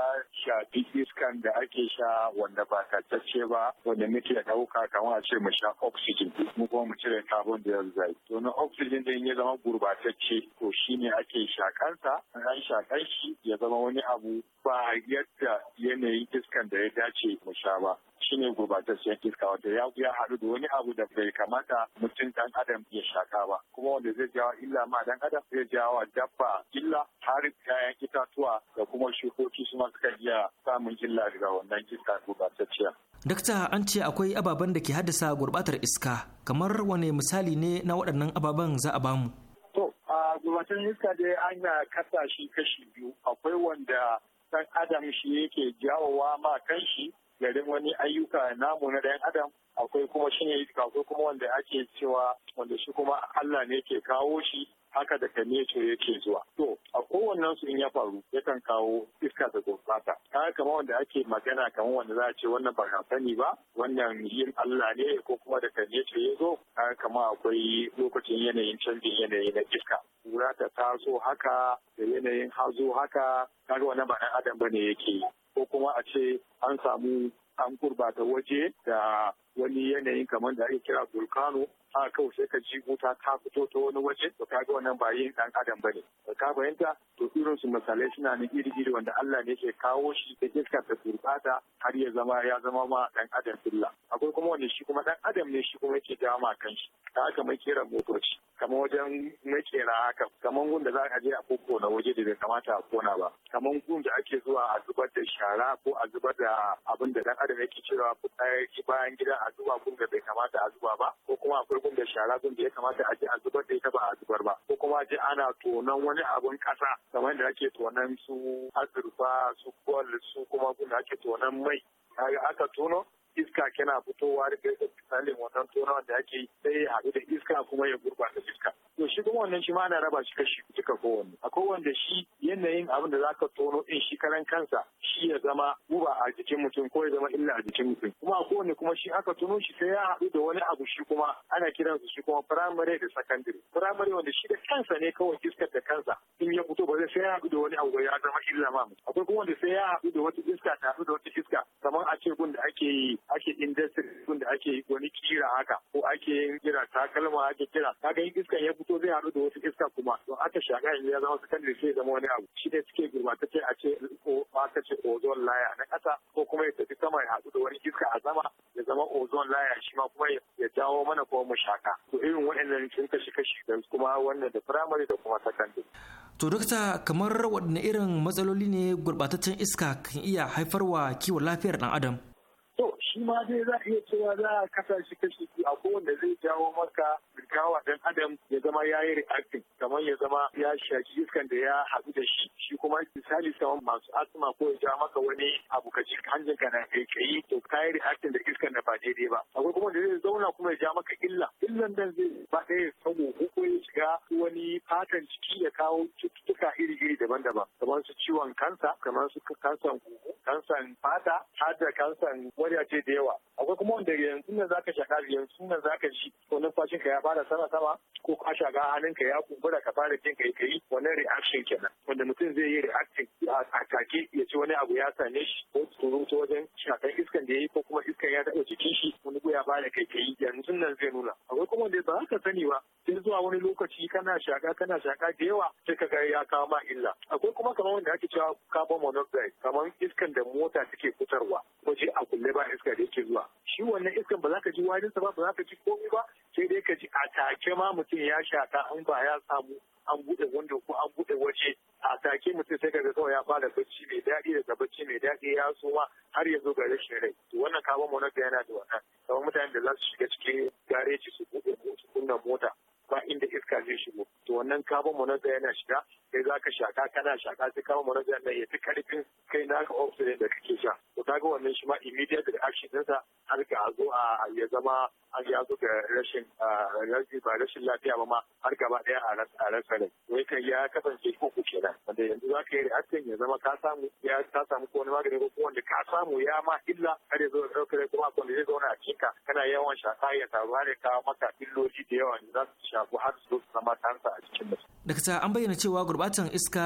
shafi iskan da ake sha wanda ba tattace ba wanda muke ɗauka kamar a ce mu sha oxygen mu kuma mu cire carbon dioxide to na oxygen din ya zama gurbatacce ko shine ake shakarsa an shakar shi ya zama wani abu ba yadda yanayin iskan da ya dace mu sha ba shine gurbatacciyar iska wanda ya ya haɗu da wani abu da bai kamata mutum dan adam ya shaka ba kuma wanda zai jawo illa ma dan adam zai jawo dabba illa har kayan itatuwa da kuma shukoki su ma suka iya samun illa daga wannan iska gurbatacciya. Dakta an ce akwai ababen da ke haddasa gurbatar iska kamar wane misali ne na waɗannan ababen za a bamu. To, a gurbatar iska dai ana kasa kashi biyu akwai wanda ɗan adam shi yake jawowa ma kanshi garin wani ayyuka namu na ɗayan adam akwai kuma shi ne akwai kuma wanda ake cewa wanda shi kuma Allah ne ke kawo shi haka da ka yake zuwa. To, a kowannen su in ya faru yakan kawo iska da gurbata. Ka kama wanda ake magana kamar wanda za a ce wannan ba sani ba, wannan yin Allah ne ko kuma da ka ya zo, ka kama akwai lokacin yanayin canjin yanayi na iska. Kura ta taso haka da yanayin hazo haka, kaga wannan ba adam ba ne yake yi. ko kuma a ce an samu an gurbata waje da wani yanayin kamar da ake kira volcano a kawai sai ka ji wuta ta fito ta wani waje to ka ga wannan ba yin dan adam bane ka fahimta to irin su misalai suna nan iri iri wanda Allah ne ke kawo shi da iska ta gurbata har ya zama ya zama ma dan adam illa akwai kuma wani shi kuma dan adam ne shi kuma yake dama ma shi ta aka mai kera motoci kamar wajen mai kera haka kamar gun da za a je a koko na waje da bai kamata a kona ba kamar gun da ake zuwa a zubar da shara ko a zubar da abin da dan adam yake cewa fitsari bayan gida a a zuba gunda bai kamata a zuba ba ko kuma akwai gunda shara gunda ya kamata a je a zubar da ita ba a zubar ba ko kuma je ana tonon wani abun kasa kamar da ake tonon su azurfa su gol su kuma gunda ake tonon mai kaga aka tono iska kena fitowa daga misalin wannan tona da ake yi sai ya haɗu da iska kuma ya gurɓata iska to shi kuma wannan shi ma ana raba shi kashi duka kowanne akwai wanda shi yanayin abin da zaka tono in shi karan kansa shi ya zama guba a jikin mutum ko ya zama illa a jikin mutum kuma a kowanne kuma shi aka tono shi sai ya haɗu da wani abu shi kuma ana kiransu shi kuma firamare da sakandare. Firamare wanda shi da kansa ne kawai iskar da kansa in ya fito ba zai sai ya haɗu da wani abu ya zama illa ma akwai kuma wanda sai ya haɗu da wata iska ta haɗu da wata iska kamar a ce gun da ake yi ake industry da ake wani kira haka ko ake yin kira takalma ake kira kaga in iskan ya fito zai haɗu da wasu iska kuma to aka shaka yanzu ya zama secondary sai zama wani abu shi ne suke gurbatacce a ce ko ta ce ozone layer na ƙasa ko kuma ya tafi sama ya haɗu da wani iska a sama ya zama ozone layer shi ma kuma ya jawo mana kuma mu shaka to irin waɗannan sun kashi kashi kuma wannan da primary da kuma secondary To dokta kamar waɗanne irin matsaloli ne gurbataccen iska kan iya haifarwa kiwon lafiyar ɗan adam? To shi ma dai za a iya cewa za a kasa shi kashi biyu a kowanne zai jawo maka birkawa dan adam ya zama ya yi reacting kamar ya zama ya shaki iskan da ya haɗu da shi shi kuma misali saman masu asma ko ya ja maka wani abu ka hanjin ka na kai to ka yi reacting da iskan da ba daidai ba akwai kuma da zai zauna kuma ya ja maka illa illan nan zai ba ɗaya sabo ko ya shiga wani fatan ciki ya kawo cututtuka iri-iri daban-daban kamar su ciwon kansa kamar su kansan huhu kansan fata har da kansan wani malaria ce da yawa akwai kuma wanda yanzu nan zaka shaka yanzu nan zaka ji ko numfashin ka ya fara sama sama ko ka shaka hannun ka ya kumbura ka fara jin kai kai wannan reaction kenan wanda mutum zai yi reaction a take ya ci wani abu ya same shi ko tsoro ta wajen shakar iskan da ya yi ko kuma iskan ya taɓa jikin shi wani ya fara kai kai yanzu nan zai nuna akwai kuma wanda ba ka sani ba sai zuwa wani lokaci kana shaka kana shaka da yawa sai ka ga ya kawo ma illa akwai kuma kamar wanda ake cewa carbon monoxide kamar iskan da mota take fitarwa ce a kulle ba iska da yake zuwa shi wannan iskan ba za ka ji sa ba ba za ka ji komi ba sai dai ka ji a take ma mutum ya shaka an ba ya samu an bude wando ko an bude waje a take mutum sai ga kawai ya fara bacci mai daɗi daga bacci mai daɗi ya suma har ya zo ga rashin rai to wannan kabon monar da yana da wannan kamar mutanen da za su shiga cikin gareji su buɗe su kunna mota ba inda iska zai shigo to wannan carbon monoxide yana shiga sai za ka shaka kana shaka sai carbon monoxide na ya fi karfin kai na ka oxygen da kake sha to kaga wannan shi ma immediate reaction ɗinsa har ga zo a ya zama an ya zo ga rashin ba rashin lafiya ba ma har gaba ɗaya a rasa rai wai kai ya kasance ko ku kenan wanda yanzu za ka yi reaction ya zama ka samu ya ka samu ko wani magani ko wanda ka samu ya ma illa har ya zo da ɗaukar kuma da zai zauna a cikin ka kana yawan shaka ya taru har ya kawo maka illoli da yawa ne za su sha shafu har su zama kansa a cikin mutum. Dakta an bayyana cewa gurbatan iska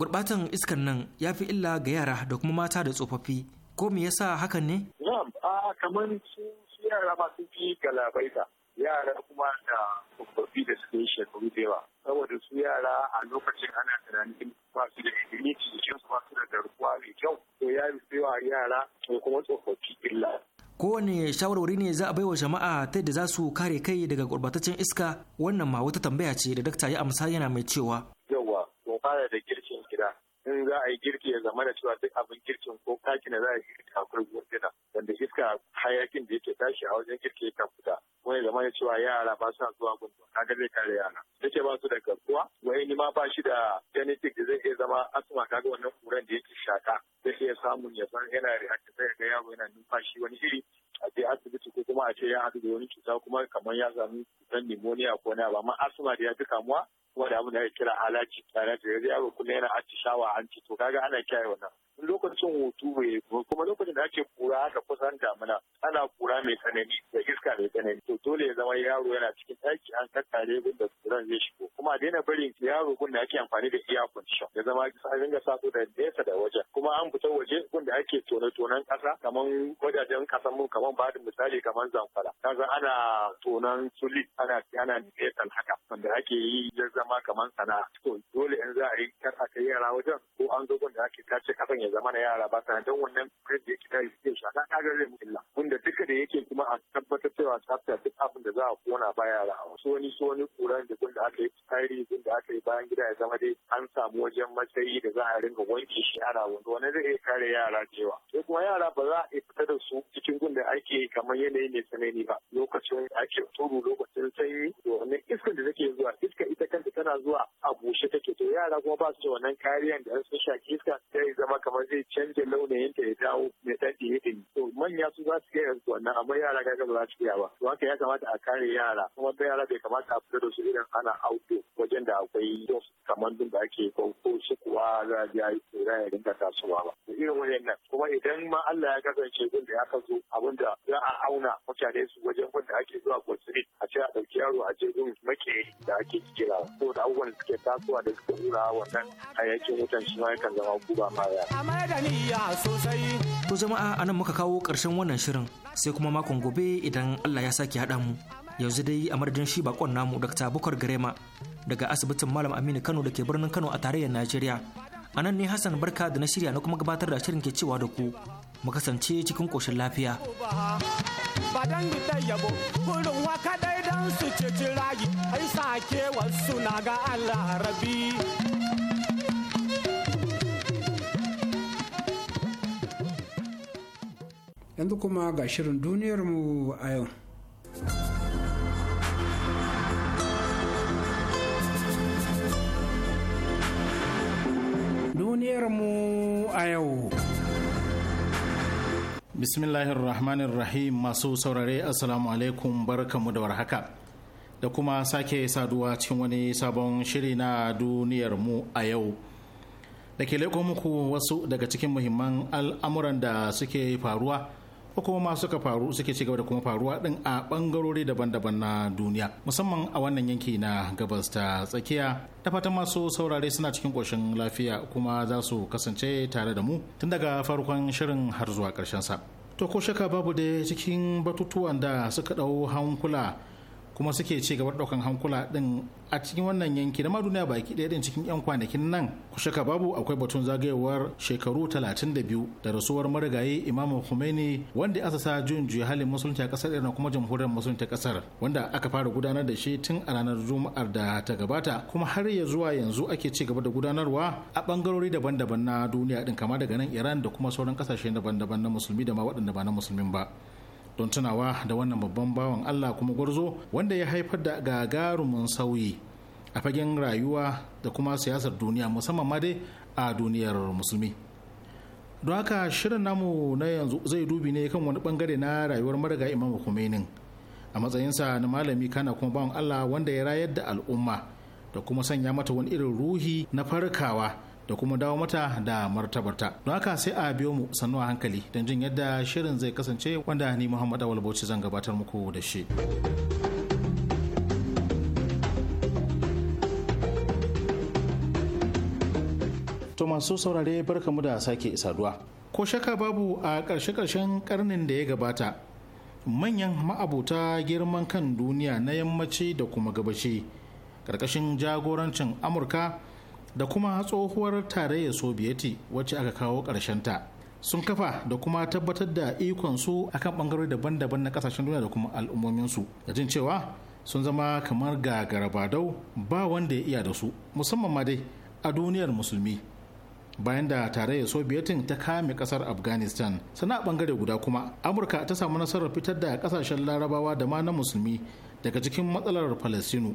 gurbatan nan ya fi illa ga yara da kuma mata da tsofaffi. Ko me yasa hakan ne? Na'am, a kamar su yara masu sun fi da Yara kuma da tsofaffi da suke shekaru da yawa. Saboda su yara a lokacin ana tunanin ba su da ilimi cikin su ba su da garkuwa mai kyau. To ya fi yawa yara ko kuma tsofaffi illa. kowane shawarwari ne za a baiwa jama'a ta yadda za su kare kai daga gurbataccen iska wannan ma wata tambaya ce da dakta ya amsa yana mai cewa yawa to fara da girkin gida in za a yi girki ya zama da cewa duk abin girkin ko kaki da za a yi girki akwai gida wanda iska hayakin da yake tashi a wajen girki ya fita kuma ya zama da cewa yara ba su zuwa gudu na ga zai kare yara ce ba su da garkuwa ni ma ba shi da genetic da zai iya zama asma ga wannan kuran da yake shaka da iya samun ya san yana react sai ga yaro yana numfashi wani iri a je asibiti ko kuma a ce ya haɗu da wani cuta kuma kamar ya sami cutar pneumonia ko na ba amma asma da ya fi kamuwa kuma da da ya kira alaci tare da yanzu yaro kuma yana atishawa ci to kaga ana kyaye wannan lokacin hutu bai kuma lokacin da ake kura haka kusan damina ana kura mai tsanani da iska mai tsanani to dole ya zama yaro yana cikin ɗaki an tattare gun da kuran zai shigo kuma a daina barin yaro gun da ake amfani da iya condition ya zama sa dinga sa da nesa da wajen kuma an fita waje gun da ake tone-tonen ƙasa kamar wajajen ƙasan mu kamar ba da misali kamar zamfara kaga ana tonan sulit ana ana nesa haka wanda ake yi ya zama zama kamar sana'a to dole in za a yi kar a kai yara wajen ko an zo da ake tace kasan ya zama na yara ba sana don wannan print da yake tayi zai shaka kagar zai mutu illa wanda duka da yake kuma a tabbatar cewa tsafta duk abin da za a kona ba yara a wasu wani su wani kuran da gun da aka yi tsari gun da aka yi bayan gida ya zama dai an samu wajen matsayi da za a ringa wanke shi yara wanda wani zai iya kare yara cewa sai kuma yara ba za a iya fita da su cikin gun da ake kamar yanayi mai tsanani ba lokacin ake turu lokacin sanyi domin iskar da take zuwa iska ita kanta da tana zuwa a bushe take to yara kuma ba su da wannan kariyan da sun shaki iska sai zama kamar zai launin ta ya dawo mai dan ɗiye to manya su za su su wannan amma yara ga ba za su iya ba to haka ya kamata a kare yara kuma da yara bai kamata a fita da su irin ana auto wajen da akwai kamar din da ake ko su kuwa za a ya dinga tasowa ba irin nan. kuma idan ma Allah ya kasance gun da ya kaso abin da za a auna mutane su wajen wanda ake zuwa ko a ce a ɗauki yaro a je gun makeri da ake kira saboda abubuwan da suke tasowa da suke hura wannan hayakin wutan shi ma yakan zama guba ma yara. To jama'a anan muka kawo ƙarshen wannan shirin sai kuma makon gobe idan Allah ya sake haɗa mu. Yanzu dai a madadin shi bakon namu Dr. Bukar Garema daga asibitin Malam Aminu Kano da ke birnin Kano a tarayyar Najeriya. A nan ne Hassan Barka da na shirya na kuma gabatar da shirin ke cewa da ku mu kasance cikin koshin lafiya. ba dan da yabo kurin waka dai dan su ceci rayu ai sake wasu na ga Allah rabi yanzu kuma ga shirin duniyarmu a yau duniyarmu a yau bismillahirrahmanirrahim masu saurare assalamu alaikum barkamu da warhaka da kuma sake saduwa cikin wani sabon shiri na duniyar mu a yau da ke muku wasu daga cikin muhimman al'amuran da suke faruwa ko kuma masu suka faru suke cigaba da kuma faruwa din a bangarori daban-daban na duniya musamman a wannan yanki na gabas ta tsakiya da fatan masu saurare suna cikin ƙoshin lafiya kuma za su kasance tare da mu tun daga farkon shirin har zuwa karshen sa to ko shaka babu da cikin batutuwan da suka ɗau hankula kuma suke ci gaba daukan hankula din a cikin wannan yanki da ma duniya baki daya din cikin yan kwanakin nan shaka babu akwai batun zagayowar shekaru 32 da rasuwar marigayi imamu Khomeini wanda asasa juyin juya halin musulunci a kasar irin kuma jamhuriyar musulunci kasar wanda aka fara gudanar da shi tun a ranar Juma'ar da ta gabata kuma har ya zuwa yanzu ake ci gaba da gudanarwa a bangarori daban-daban na duniya din kama daga nan Iran da kuma sauran kasashe daban-daban na musulmi da ma waɗanda ba na musulmin ba don tunawa da wannan babban bawan Allah kuma gwarzo wanda ya haifar da gagarumin sauyi a fagen rayuwa da kuma siyasar duniya musamman ma dai a duniyar musulmi don haka shirin namu na yanzu zai dubi ne kan wani bangare na rayuwar mariga imam Khomeinin a matsayinsa na malami kana kuma bawan Allah wanda ya rayar da al'umma da kuma sanya mata wani irin ruhi na farkawa da kuma dawo mata da martabarta don haka sai a biyo mu sannu a hankali don jin yadda shirin zai kasance wanda ni muhammad awal bauchi zan gabatar muku da shi to masu saurare barkamu da sake saduwa ko shaka babu a ƙarshe-ƙarshen karnin da ya gabata manyan ma'abuta girman kan duniya na yammaci da kuma gabashi ƙarƙashin jagorancin amurka da kuma tsohuwar tarayyar sobiyeti wacce aka kawo ta sun kafa da kuma tabbatar da ikon su akan bangarori daban-daban na kasashen duniya da kuma su. da jin cewa sun zama kamar ga gagarabadau ba wanda ya iya da su musamman ma dai a duniyar musulmi bayan da tarayyar sobietin ta kame kasar afghanistan sana bangare guda kuma amurka ta samu nasarar fitar da kasashen larabawa da ma na musulmi daga cikin matsalar falasinu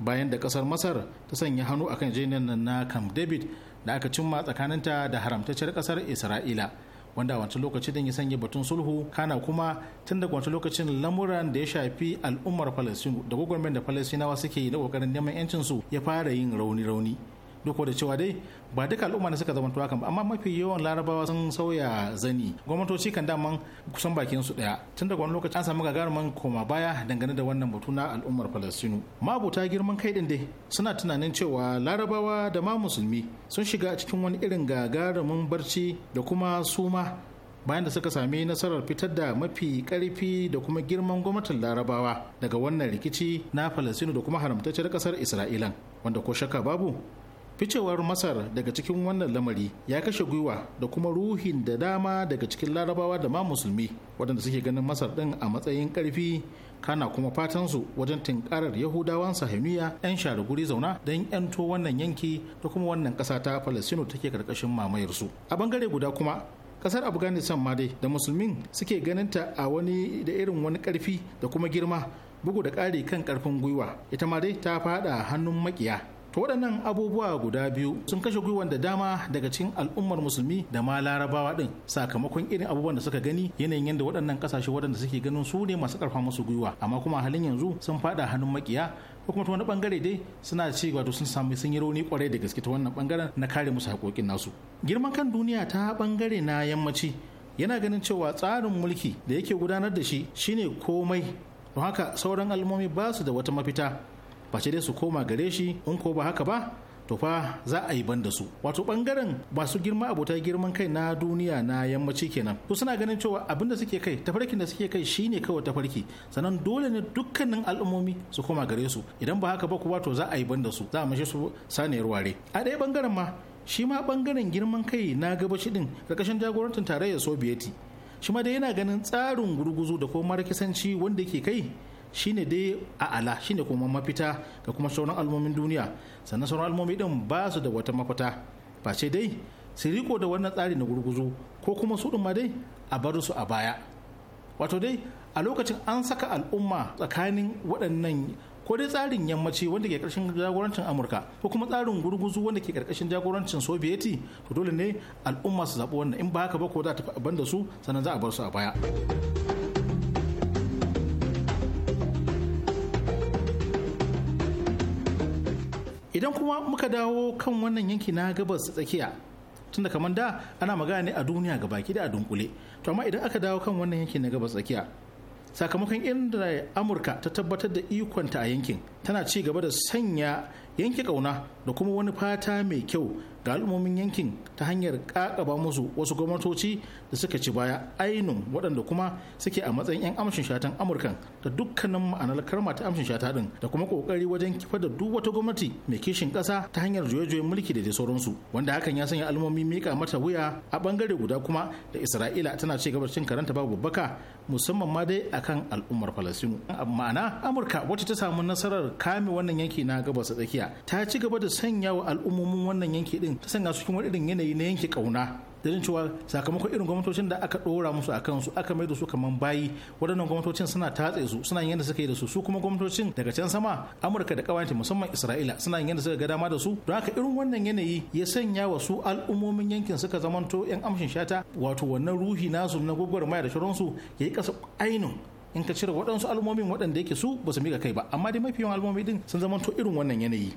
bayan da kasar masar ta sanya hannu akan yarjejeniyar na camp david da aka cimma tsakaninta da haramtacciyar kasar isra'ila wanda a wancan lokaci din ya sanya batun sulhu kana kuma tun daga wancan lokacin lamuran da ya shafi al'ummar palestinu da gwagwarmen da palestinawa suke yi na kokarin neman yancin su ya fara yin rauni-rauni duk da cewa dai ba duka al'umma ne suka zamanto hakan ba amma mafi yawan larabawa sun sauya zani gwamnatoci kan daman kusan bakin su daya tun daga wani lokaci an samu gagarumin koma baya dangane da wannan batu na al'ummar falastinu mabuta girman kai din dai suna tunanin cewa larabawa da ma musulmi sun shiga cikin wani irin gagarumin barci da kuma suma bayan da suka sami nasarar fitar da mafi karfi da kuma girman gwamnatin larabawa daga wannan rikici na falasinu da kuma haramtacciyar kasar isra'ilan wanda ko shaka babu ficewar masar daga cikin wannan lamari ya kashe gwiwa da kuma ruhin da dama daga cikin larabawa da ma musulmi waɗanda suke ganin masar ɗin a matsayin ƙarfi kana kuma fatan su wajen tinkarar yahudawan sahamiya 'yan share guri zauna don 'yanto wannan yanki da kuma wannan ƙasa ta falastinu take karkashin mamayarsu a bangare guda kuma kasar afghanistan ma dai da musulmin suke ganinta a wani da irin wani ƙarfi da kuma girma bugu da ƙari kan ƙarfin gwiwa ita ma dai ta faɗa hannun maƙiya. to waɗannan abubuwa guda biyu sun kashe gwiwar da dama daga cikin al'ummar musulmi da ma larabawa din sakamakon irin abubuwan da suka gani yanayin yadda waɗannan ƙasashe waɗanda suke ganin su ne masu ƙarfa musu gwiwa amma kuma halin yanzu sun faɗa hannun makiya ko kuma ta wani bangare dai suna ci wato sun sami sun yi rauni kwarai da gaske ta wannan bangaren na kare musu haƙoƙin nasu girman kan duniya ta bangare na yammaci yana ganin cewa tsarin mulki da yake gudanar da shi shine komai don haka sauran al'ummomi ba su da wata mafita face dai su koma gare shi in ko ba haka ba to fa za a yi ban da su wato bangaren masu girma abota girman kai na duniya na yammaci kenan to suna ganin cewa abin da suke kai tafarkin da suke kai shine kawai tafarki sannan dole ne dukkanin al'ummomi su koma gare su idan ba haka ba kuwa to za a yi ban da su za a mashi su saniyar ware a ɗaya bangaren ma shi ma bangaren girman kai na gabashi din karkashin jagorantar tarayyar sobiyeti shi ma dai yana ganin tsarin gurguzu da kuma marakisanci wanda ke kai shine dai a ala shine kuma mafita ga kuma sauran almomin duniya sannan sauran al'ummomi din ba su da wata mafita ce dai su riko da wannan tsari na gurguzu ko kuma su ma dai a bar su a baya wato dai a lokacin an saka al'umma tsakanin waɗannan ko dai tsarin yammaci wanda ke karkashin jagorancin amurka ko kuma tsarin gurguzu wanda ke karkashin jagorancin sovieti to dole ne al'umma su zaɓi wannan in ba haka ba ko za ta faɗa da su sannan za a bar su a baya idan kuma muka dawo kan wannan yanki na gabas tsakiya tunda kamar da ana magana ne a duniya ga baki da a dunkule to amma idan aka dawo kan wannan yanki na gabas tsakiya sakamakon inda amurka ta tabbatar da ikonta a yankin tana ci gaba da sanya yanke kauna da kuma wani fata mai kyau ga al'ummomin yankin ta hanyar kakaba musu wasu gwamnatoci da suka ci baya ainun waɗanda kuma suke a matsayin 'yan amshin shatan Amurka da dukkanin ma'anar karma ta amshin shata ɗin da kuma ƙoƙari wajen kifar da duk wata gwamnati mai kishin ƙasa ta hanyar juye-juyen mulki da dai sauransu wanda hakan ya sanya al'ummomi miƙa mata wuya a bangare guda kuma da isra'ila tana ci gaba cin karanta babu babbaka musamman ma dai akan al'ummar falastinu ma'ana amurka wacce ta samu nasarar kame wannan yanki na gabas tsakiya ta ci gaba da sanya wa al'ummomin wannan yanki din ta sanya su cikin wani irin yanayi na yanke kauna da jin cewa sakamakon irin gwamnatocin da aka dora musu a kansu aka mai da su kamar bayi waɗannan gwamnatocin suna tatse su suna yin yadda suka yi da su su kuma gwamnatocin daga can sama amurka da kawance musamman isra'ila suna yin yadda suka ga dama da su don haka irin wannan yanayi ya sanya wa su al'ummomin yankin suka zamanto yan amshin shata wato wannan ruhi nasu na gwagwarmaya da shirinsu ya yi ƙasa ainihin in ka cire waɗansu al'ummomin waɗanda yake su ba su miƙa kai ba amma dai mafi yawan al'ummomi din sun zama to irin wannan yanayi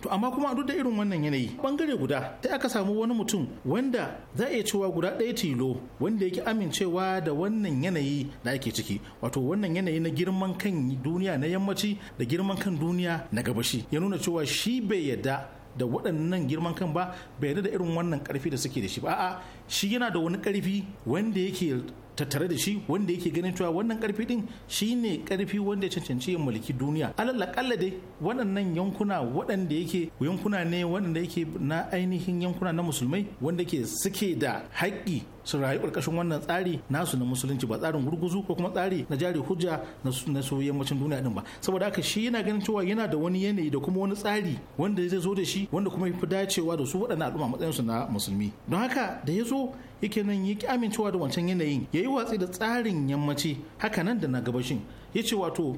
to amma kuma a duk da irin wannan yanayi bangare guda ta aka samu wani mutum wanda za a iya cewa guda ɗaya tilo wanda yake amincewa da wannan yanayi da ake ciki wato wannan yanayi na girman kan duniya na yammaci da girman kan duniya na gabashi ya nuna cewa shi bai yadda da waɗannan girman kan ba bai yarda da irin wannan ƙarfi da suke da shi ba a'a shi yana da wani ƙarfi wanda yake tattare da shi wanda yake ganin cewa wannan karfi din shine karfi wanda ya cancanci ya mulki duniya alalla kalla dai waɗannan yankuna waɗanda yake yankuna ne waɗanda yake na ainihin yankuna na musulmai wanda ke suke da haƙƙi su rayu ƙarƙashin wannan tsari nasu na musulunci ba tsarin gurguzu ko kuma tsari na jari hujja na so yammacin duniya din ba saboda haka shi yana ganin cewa yana da wani yanayi da kuma wani tsari wanda zai zo da shi wanda kuma ya fi dacewa da su waɗannan al'umma matsayin su na musulmi don haka da ya zo yake nan ya ki amincewa da wancan yanayin ya yi watsi da tsarin yammaci hakanan da na gabashin ya ce wato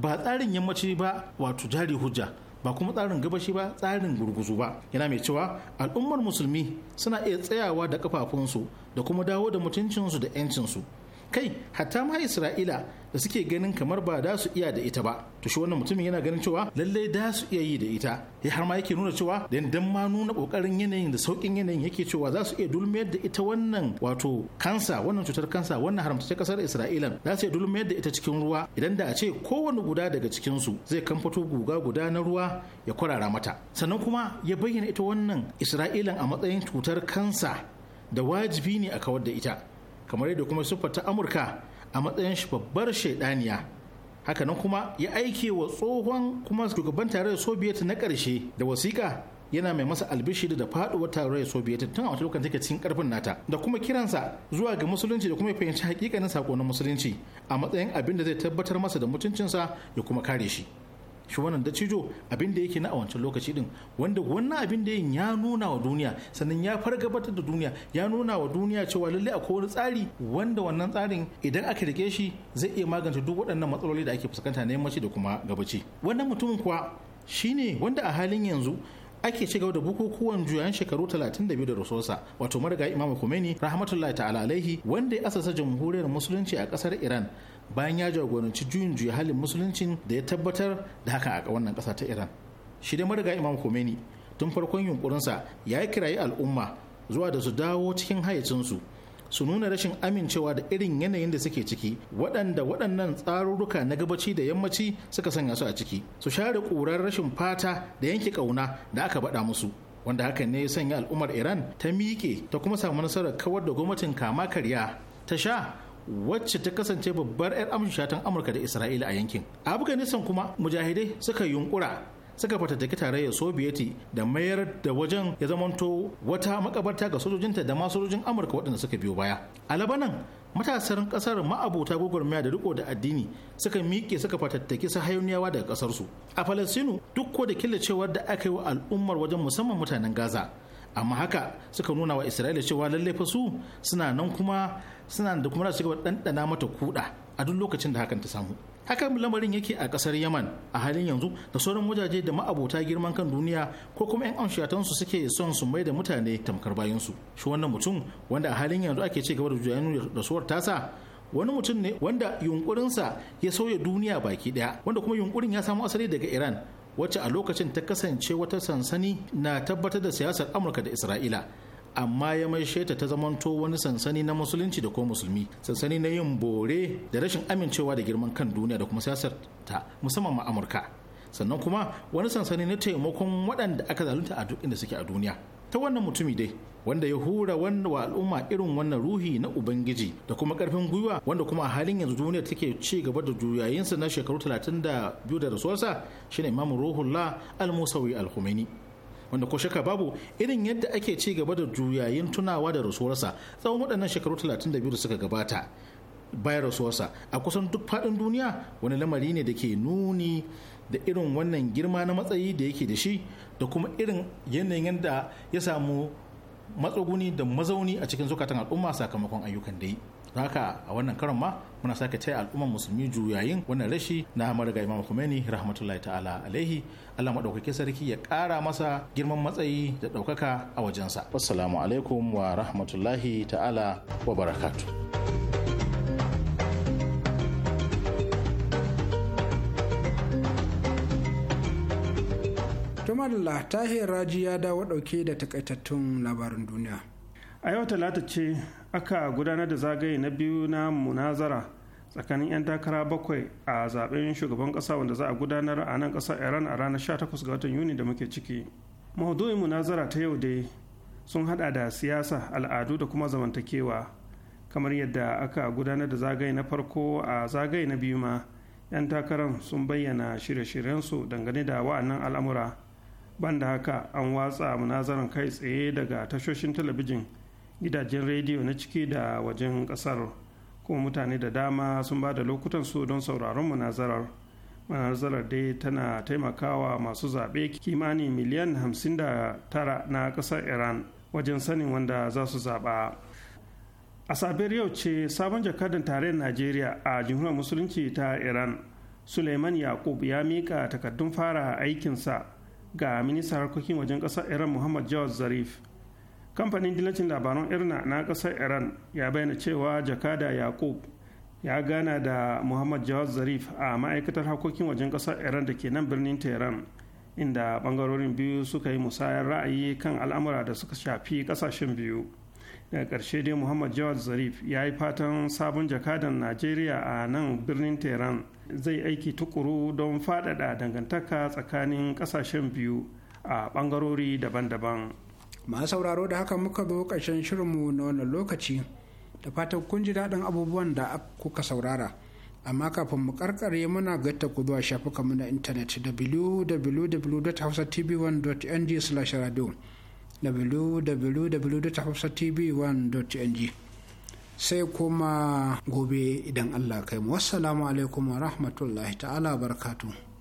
ba tsarin yammaci ba wato jari hujja ba kuma tsarin gabashi ba tsarin gurguzu ba yana mai cewa al'ummar musulmi suna iya tsayawa da kafafunsu da kuma dawo da mutuncinsu da 'yancinsu kai hatta ma isra'ila da suke ganin kamar ba da su iya da ita ba to shi wannan mutumin yana ganin cewa lallai da su iya yi da ita ya har ma yake nuna cewa dan dan ma nuna kokarin yanayin da saukin yanayin yake cewa za su iya dulmiyar da ita wannan wato kansa wannan cutar kansa wannan haramtacce kasar isra'ila za su iya dulmiyar da ita cikin ruwa idan da a ce kowane guda daga cikin su zai kamfato guga guda na ruwa ya kwarara mata sannan kuma ya bayyana ita wannan isra'ilan a matsayin cutar kansa da wajibi ne a kawar da ita kamar yadda kuma siffata amurka a matsayin shi babbar shaidaniya hakanan kuma ya aike wa tsohon kuma shugaban tarayyar soviet na ƙarshe da wasiƙa yana mai masa albishi da faɗuwar tarayyar soviet tun a wata lokacin take cikin karfin nata da kuma kiransa zuwa ga musulunci da kuma ya fahimci hakikanin sakonin musulunci a matsayin abin da zai tabbatar masa da mutuncinsa ya kuma kare shi shi wannan cijo abin da yake na a wancan lokaci din wanda wannan abin da yin ya nuna wa duniya sannan ya fargabatar da duniya ya nuna wa duniya cewa lalle akwai wani tsari wanda wannan tsarin idan aka rike shi zai iya magance duk waɗannan matsaloli da ake fuskanta na yammaci da kuma gabaci wannan mutumin kuwa shine wanda a halin yanzu ake ci gaba da bukukuwan juyan shekaru 32 da rusosa wato marigayi Imam Khomeini rahmatullahi ta'ala alaihi wanda ya asasa jamhuriyar musulunci a kasar Iran bayan ya jagoranci juyin juya halin musuluncin da ya tabbatar da haka a wannan kasa ta Iran shi da marigayi Imam Khomeini tun farkon yunkurinsa ya kirayi al'umma zuwa da su dawo cikin hayyacinsu su nuna rashin amincewa da irin yanayin da suke ciki waɗanda waɗannan tsarurruka na gabaci da yammaci suka sanya su a ciki su share ƙurar rashin fata da yanke ƙauna da aka baɗa musu wanda hakan ne ya sanya al'ummar iran ta miƙe ta kuma samu nasarar kawar da gwamnatin kama karya ta sha wacce ta kasance babbar 'yar amshatan amurka da isra'ila a yankin afghanistan kuma mujahidai suka yunkura suka fatattaki tarayyar soviet da mayar da wajen ya zamanto wata makabarta ga sojojinta da ma sojojin amurka waɗanda suka biyo baya a labanan matasan ƙasar ma'abota gwagwarmaya da riko da addini suka miƙe suka fatattaki sahayoniyawa daga kasarsu a falastinu duk ko da killacewar da aka yi wa al'ummar wajen musamman mutanen gaza amma haka suka nuna wa isra'ila cewa lalle fa su suna nan kuma suna da kuma su gaba ɗanɗana mata kuɗa a duk lokacin da hakan ta samu haka lamarin yake a kasar yaman a halin yanzu da sauran wajaje da ma'abota girman kan duniya ko kuma 'yan amshatansu suke son su mai da mutane tamkar bayansu shi wannan mutum wanda a halin yanzu ake ce gaba da juyayen rasuwar tasa wani mutum ne wanda yunkurinsa ya sauya duniya baki daya wanda kuma yunkurin ya samo asali daga iran wacce a lokacin ta kasance wata sansani na tabbatar da siyasar amurka da isra'ila amma ya maishe ta ta zamanto wani sansani na musulunci da ko musulmi sansani na yin bore da rashin amincewa da girman kan duniya da kuma siyasar ta musamman ma amurka sannan kuma wani sansani na taimakon waɗanda aka zalunta a duk inda suke a duniya ta wannan mutumi dai wanda ya hura wanda wa al'umma irin wannan ruhi na ubangiji da kuma karfin gwiwa wanda kuma a halin yanzu duniya take ci gaba da juyayinsa na shekaru 32 da rasuwarsa shine imamu ruhullah al-musawi al-humaini wanda ko shaka babu irin yadda ake ci gaba da juyayin tunawa da rasuwarsa tsawon waɗannan shekaru 32 da suka gabata bayan rasuwarsa a kusan duk faɗin duniya wani lamari ne da ke nuni da irin wannan girma na matsayi da yake da shi da kuma irin yanayin yadda ya samu matsuguni da mazauni a cikin zukatan al'umma sakamakon ayyukan da yi. haka a wannan karon ma muna sake taya al'umman musulmi juyayin wannan rashi na mariga imam khomeini rahmatullahi ta'ala alaihi allah maɗaukaki sarki ya ƙara masa girman matsayi da ɗaukaka a wajensa assalamu alaikum wa rahmatullahi ta'ala wa barakatu. tumalla ta Raji ya dawo ɗauke da takaitattun labarin duniya. a yau talata ce aka gudanar da zagaye na biyu na munazara tsakanin 'yan takara bakwai a zaben shugaban kasa wanda za a gudanar a nan kasar iran a ranar 18 ga watan yuni da muke ciki mahuduin munazara ta yau dai sun hada da siyasa al'adu da kuma zamantakewa kamar yadda aka gudanar da zagaye na farko a zagaye na biyu ma 'yan takarar sun bayyana shirye-shiryensu dangane da wa'annan al'amura ban da haka an watsa munazaran kai tsaye daga tashoshin talabijin gidajen rediyo na ciki da wajen kasar kuma mutane da dama sun ba da lokutan su don sauraron munazarar manazarar dai tana taimakawa masu zaɓe kimanin miliyan 59 na ƙasar iran wajen sanin wanda za su zaɓa a sabir yau ce sabon jakadan tarayyar najeriya a jihunan musulunci ta iran suleiman yaqub ya mika takardun fara aikinsa ga ministan harkokin wajen ƙasar iran muhammad jawad zarif kamfanin dillacin labaran irna na ƙasar iran ya bayyana cewa jakada yakub ya gana da muhammad jawad zarif a ma'aikatar harkokin wajen ƙasar iran da ke nan birnin tehran inda ɓangarorin biyu suka yi musayar ra'ayi kan al'amura da suka shafi ƙasashen biyu daga ƙarshe dai muhammad jawad zarif ya yi fatan sabon jakadan najeriya a nan birnin tehran zai aiki tukuru don faɗaɗa dangantaka tsakanin ƙasashen biyu a ɓangarori daban-daban masu sauraro da haka muka zo ƙarshen shirinmu na wannan lokaci da fatan kun ji daɗin abubuwan da kuka saurara amma kafin mu karkare muna gata ku zuwa shafukanmu na intanet www.hausatv1.ng slash radio www.hausatv1.ng sai kuma gobe idan allah kai mu wassalamu alaikum wa rahmatullahi ta'ala barkatu.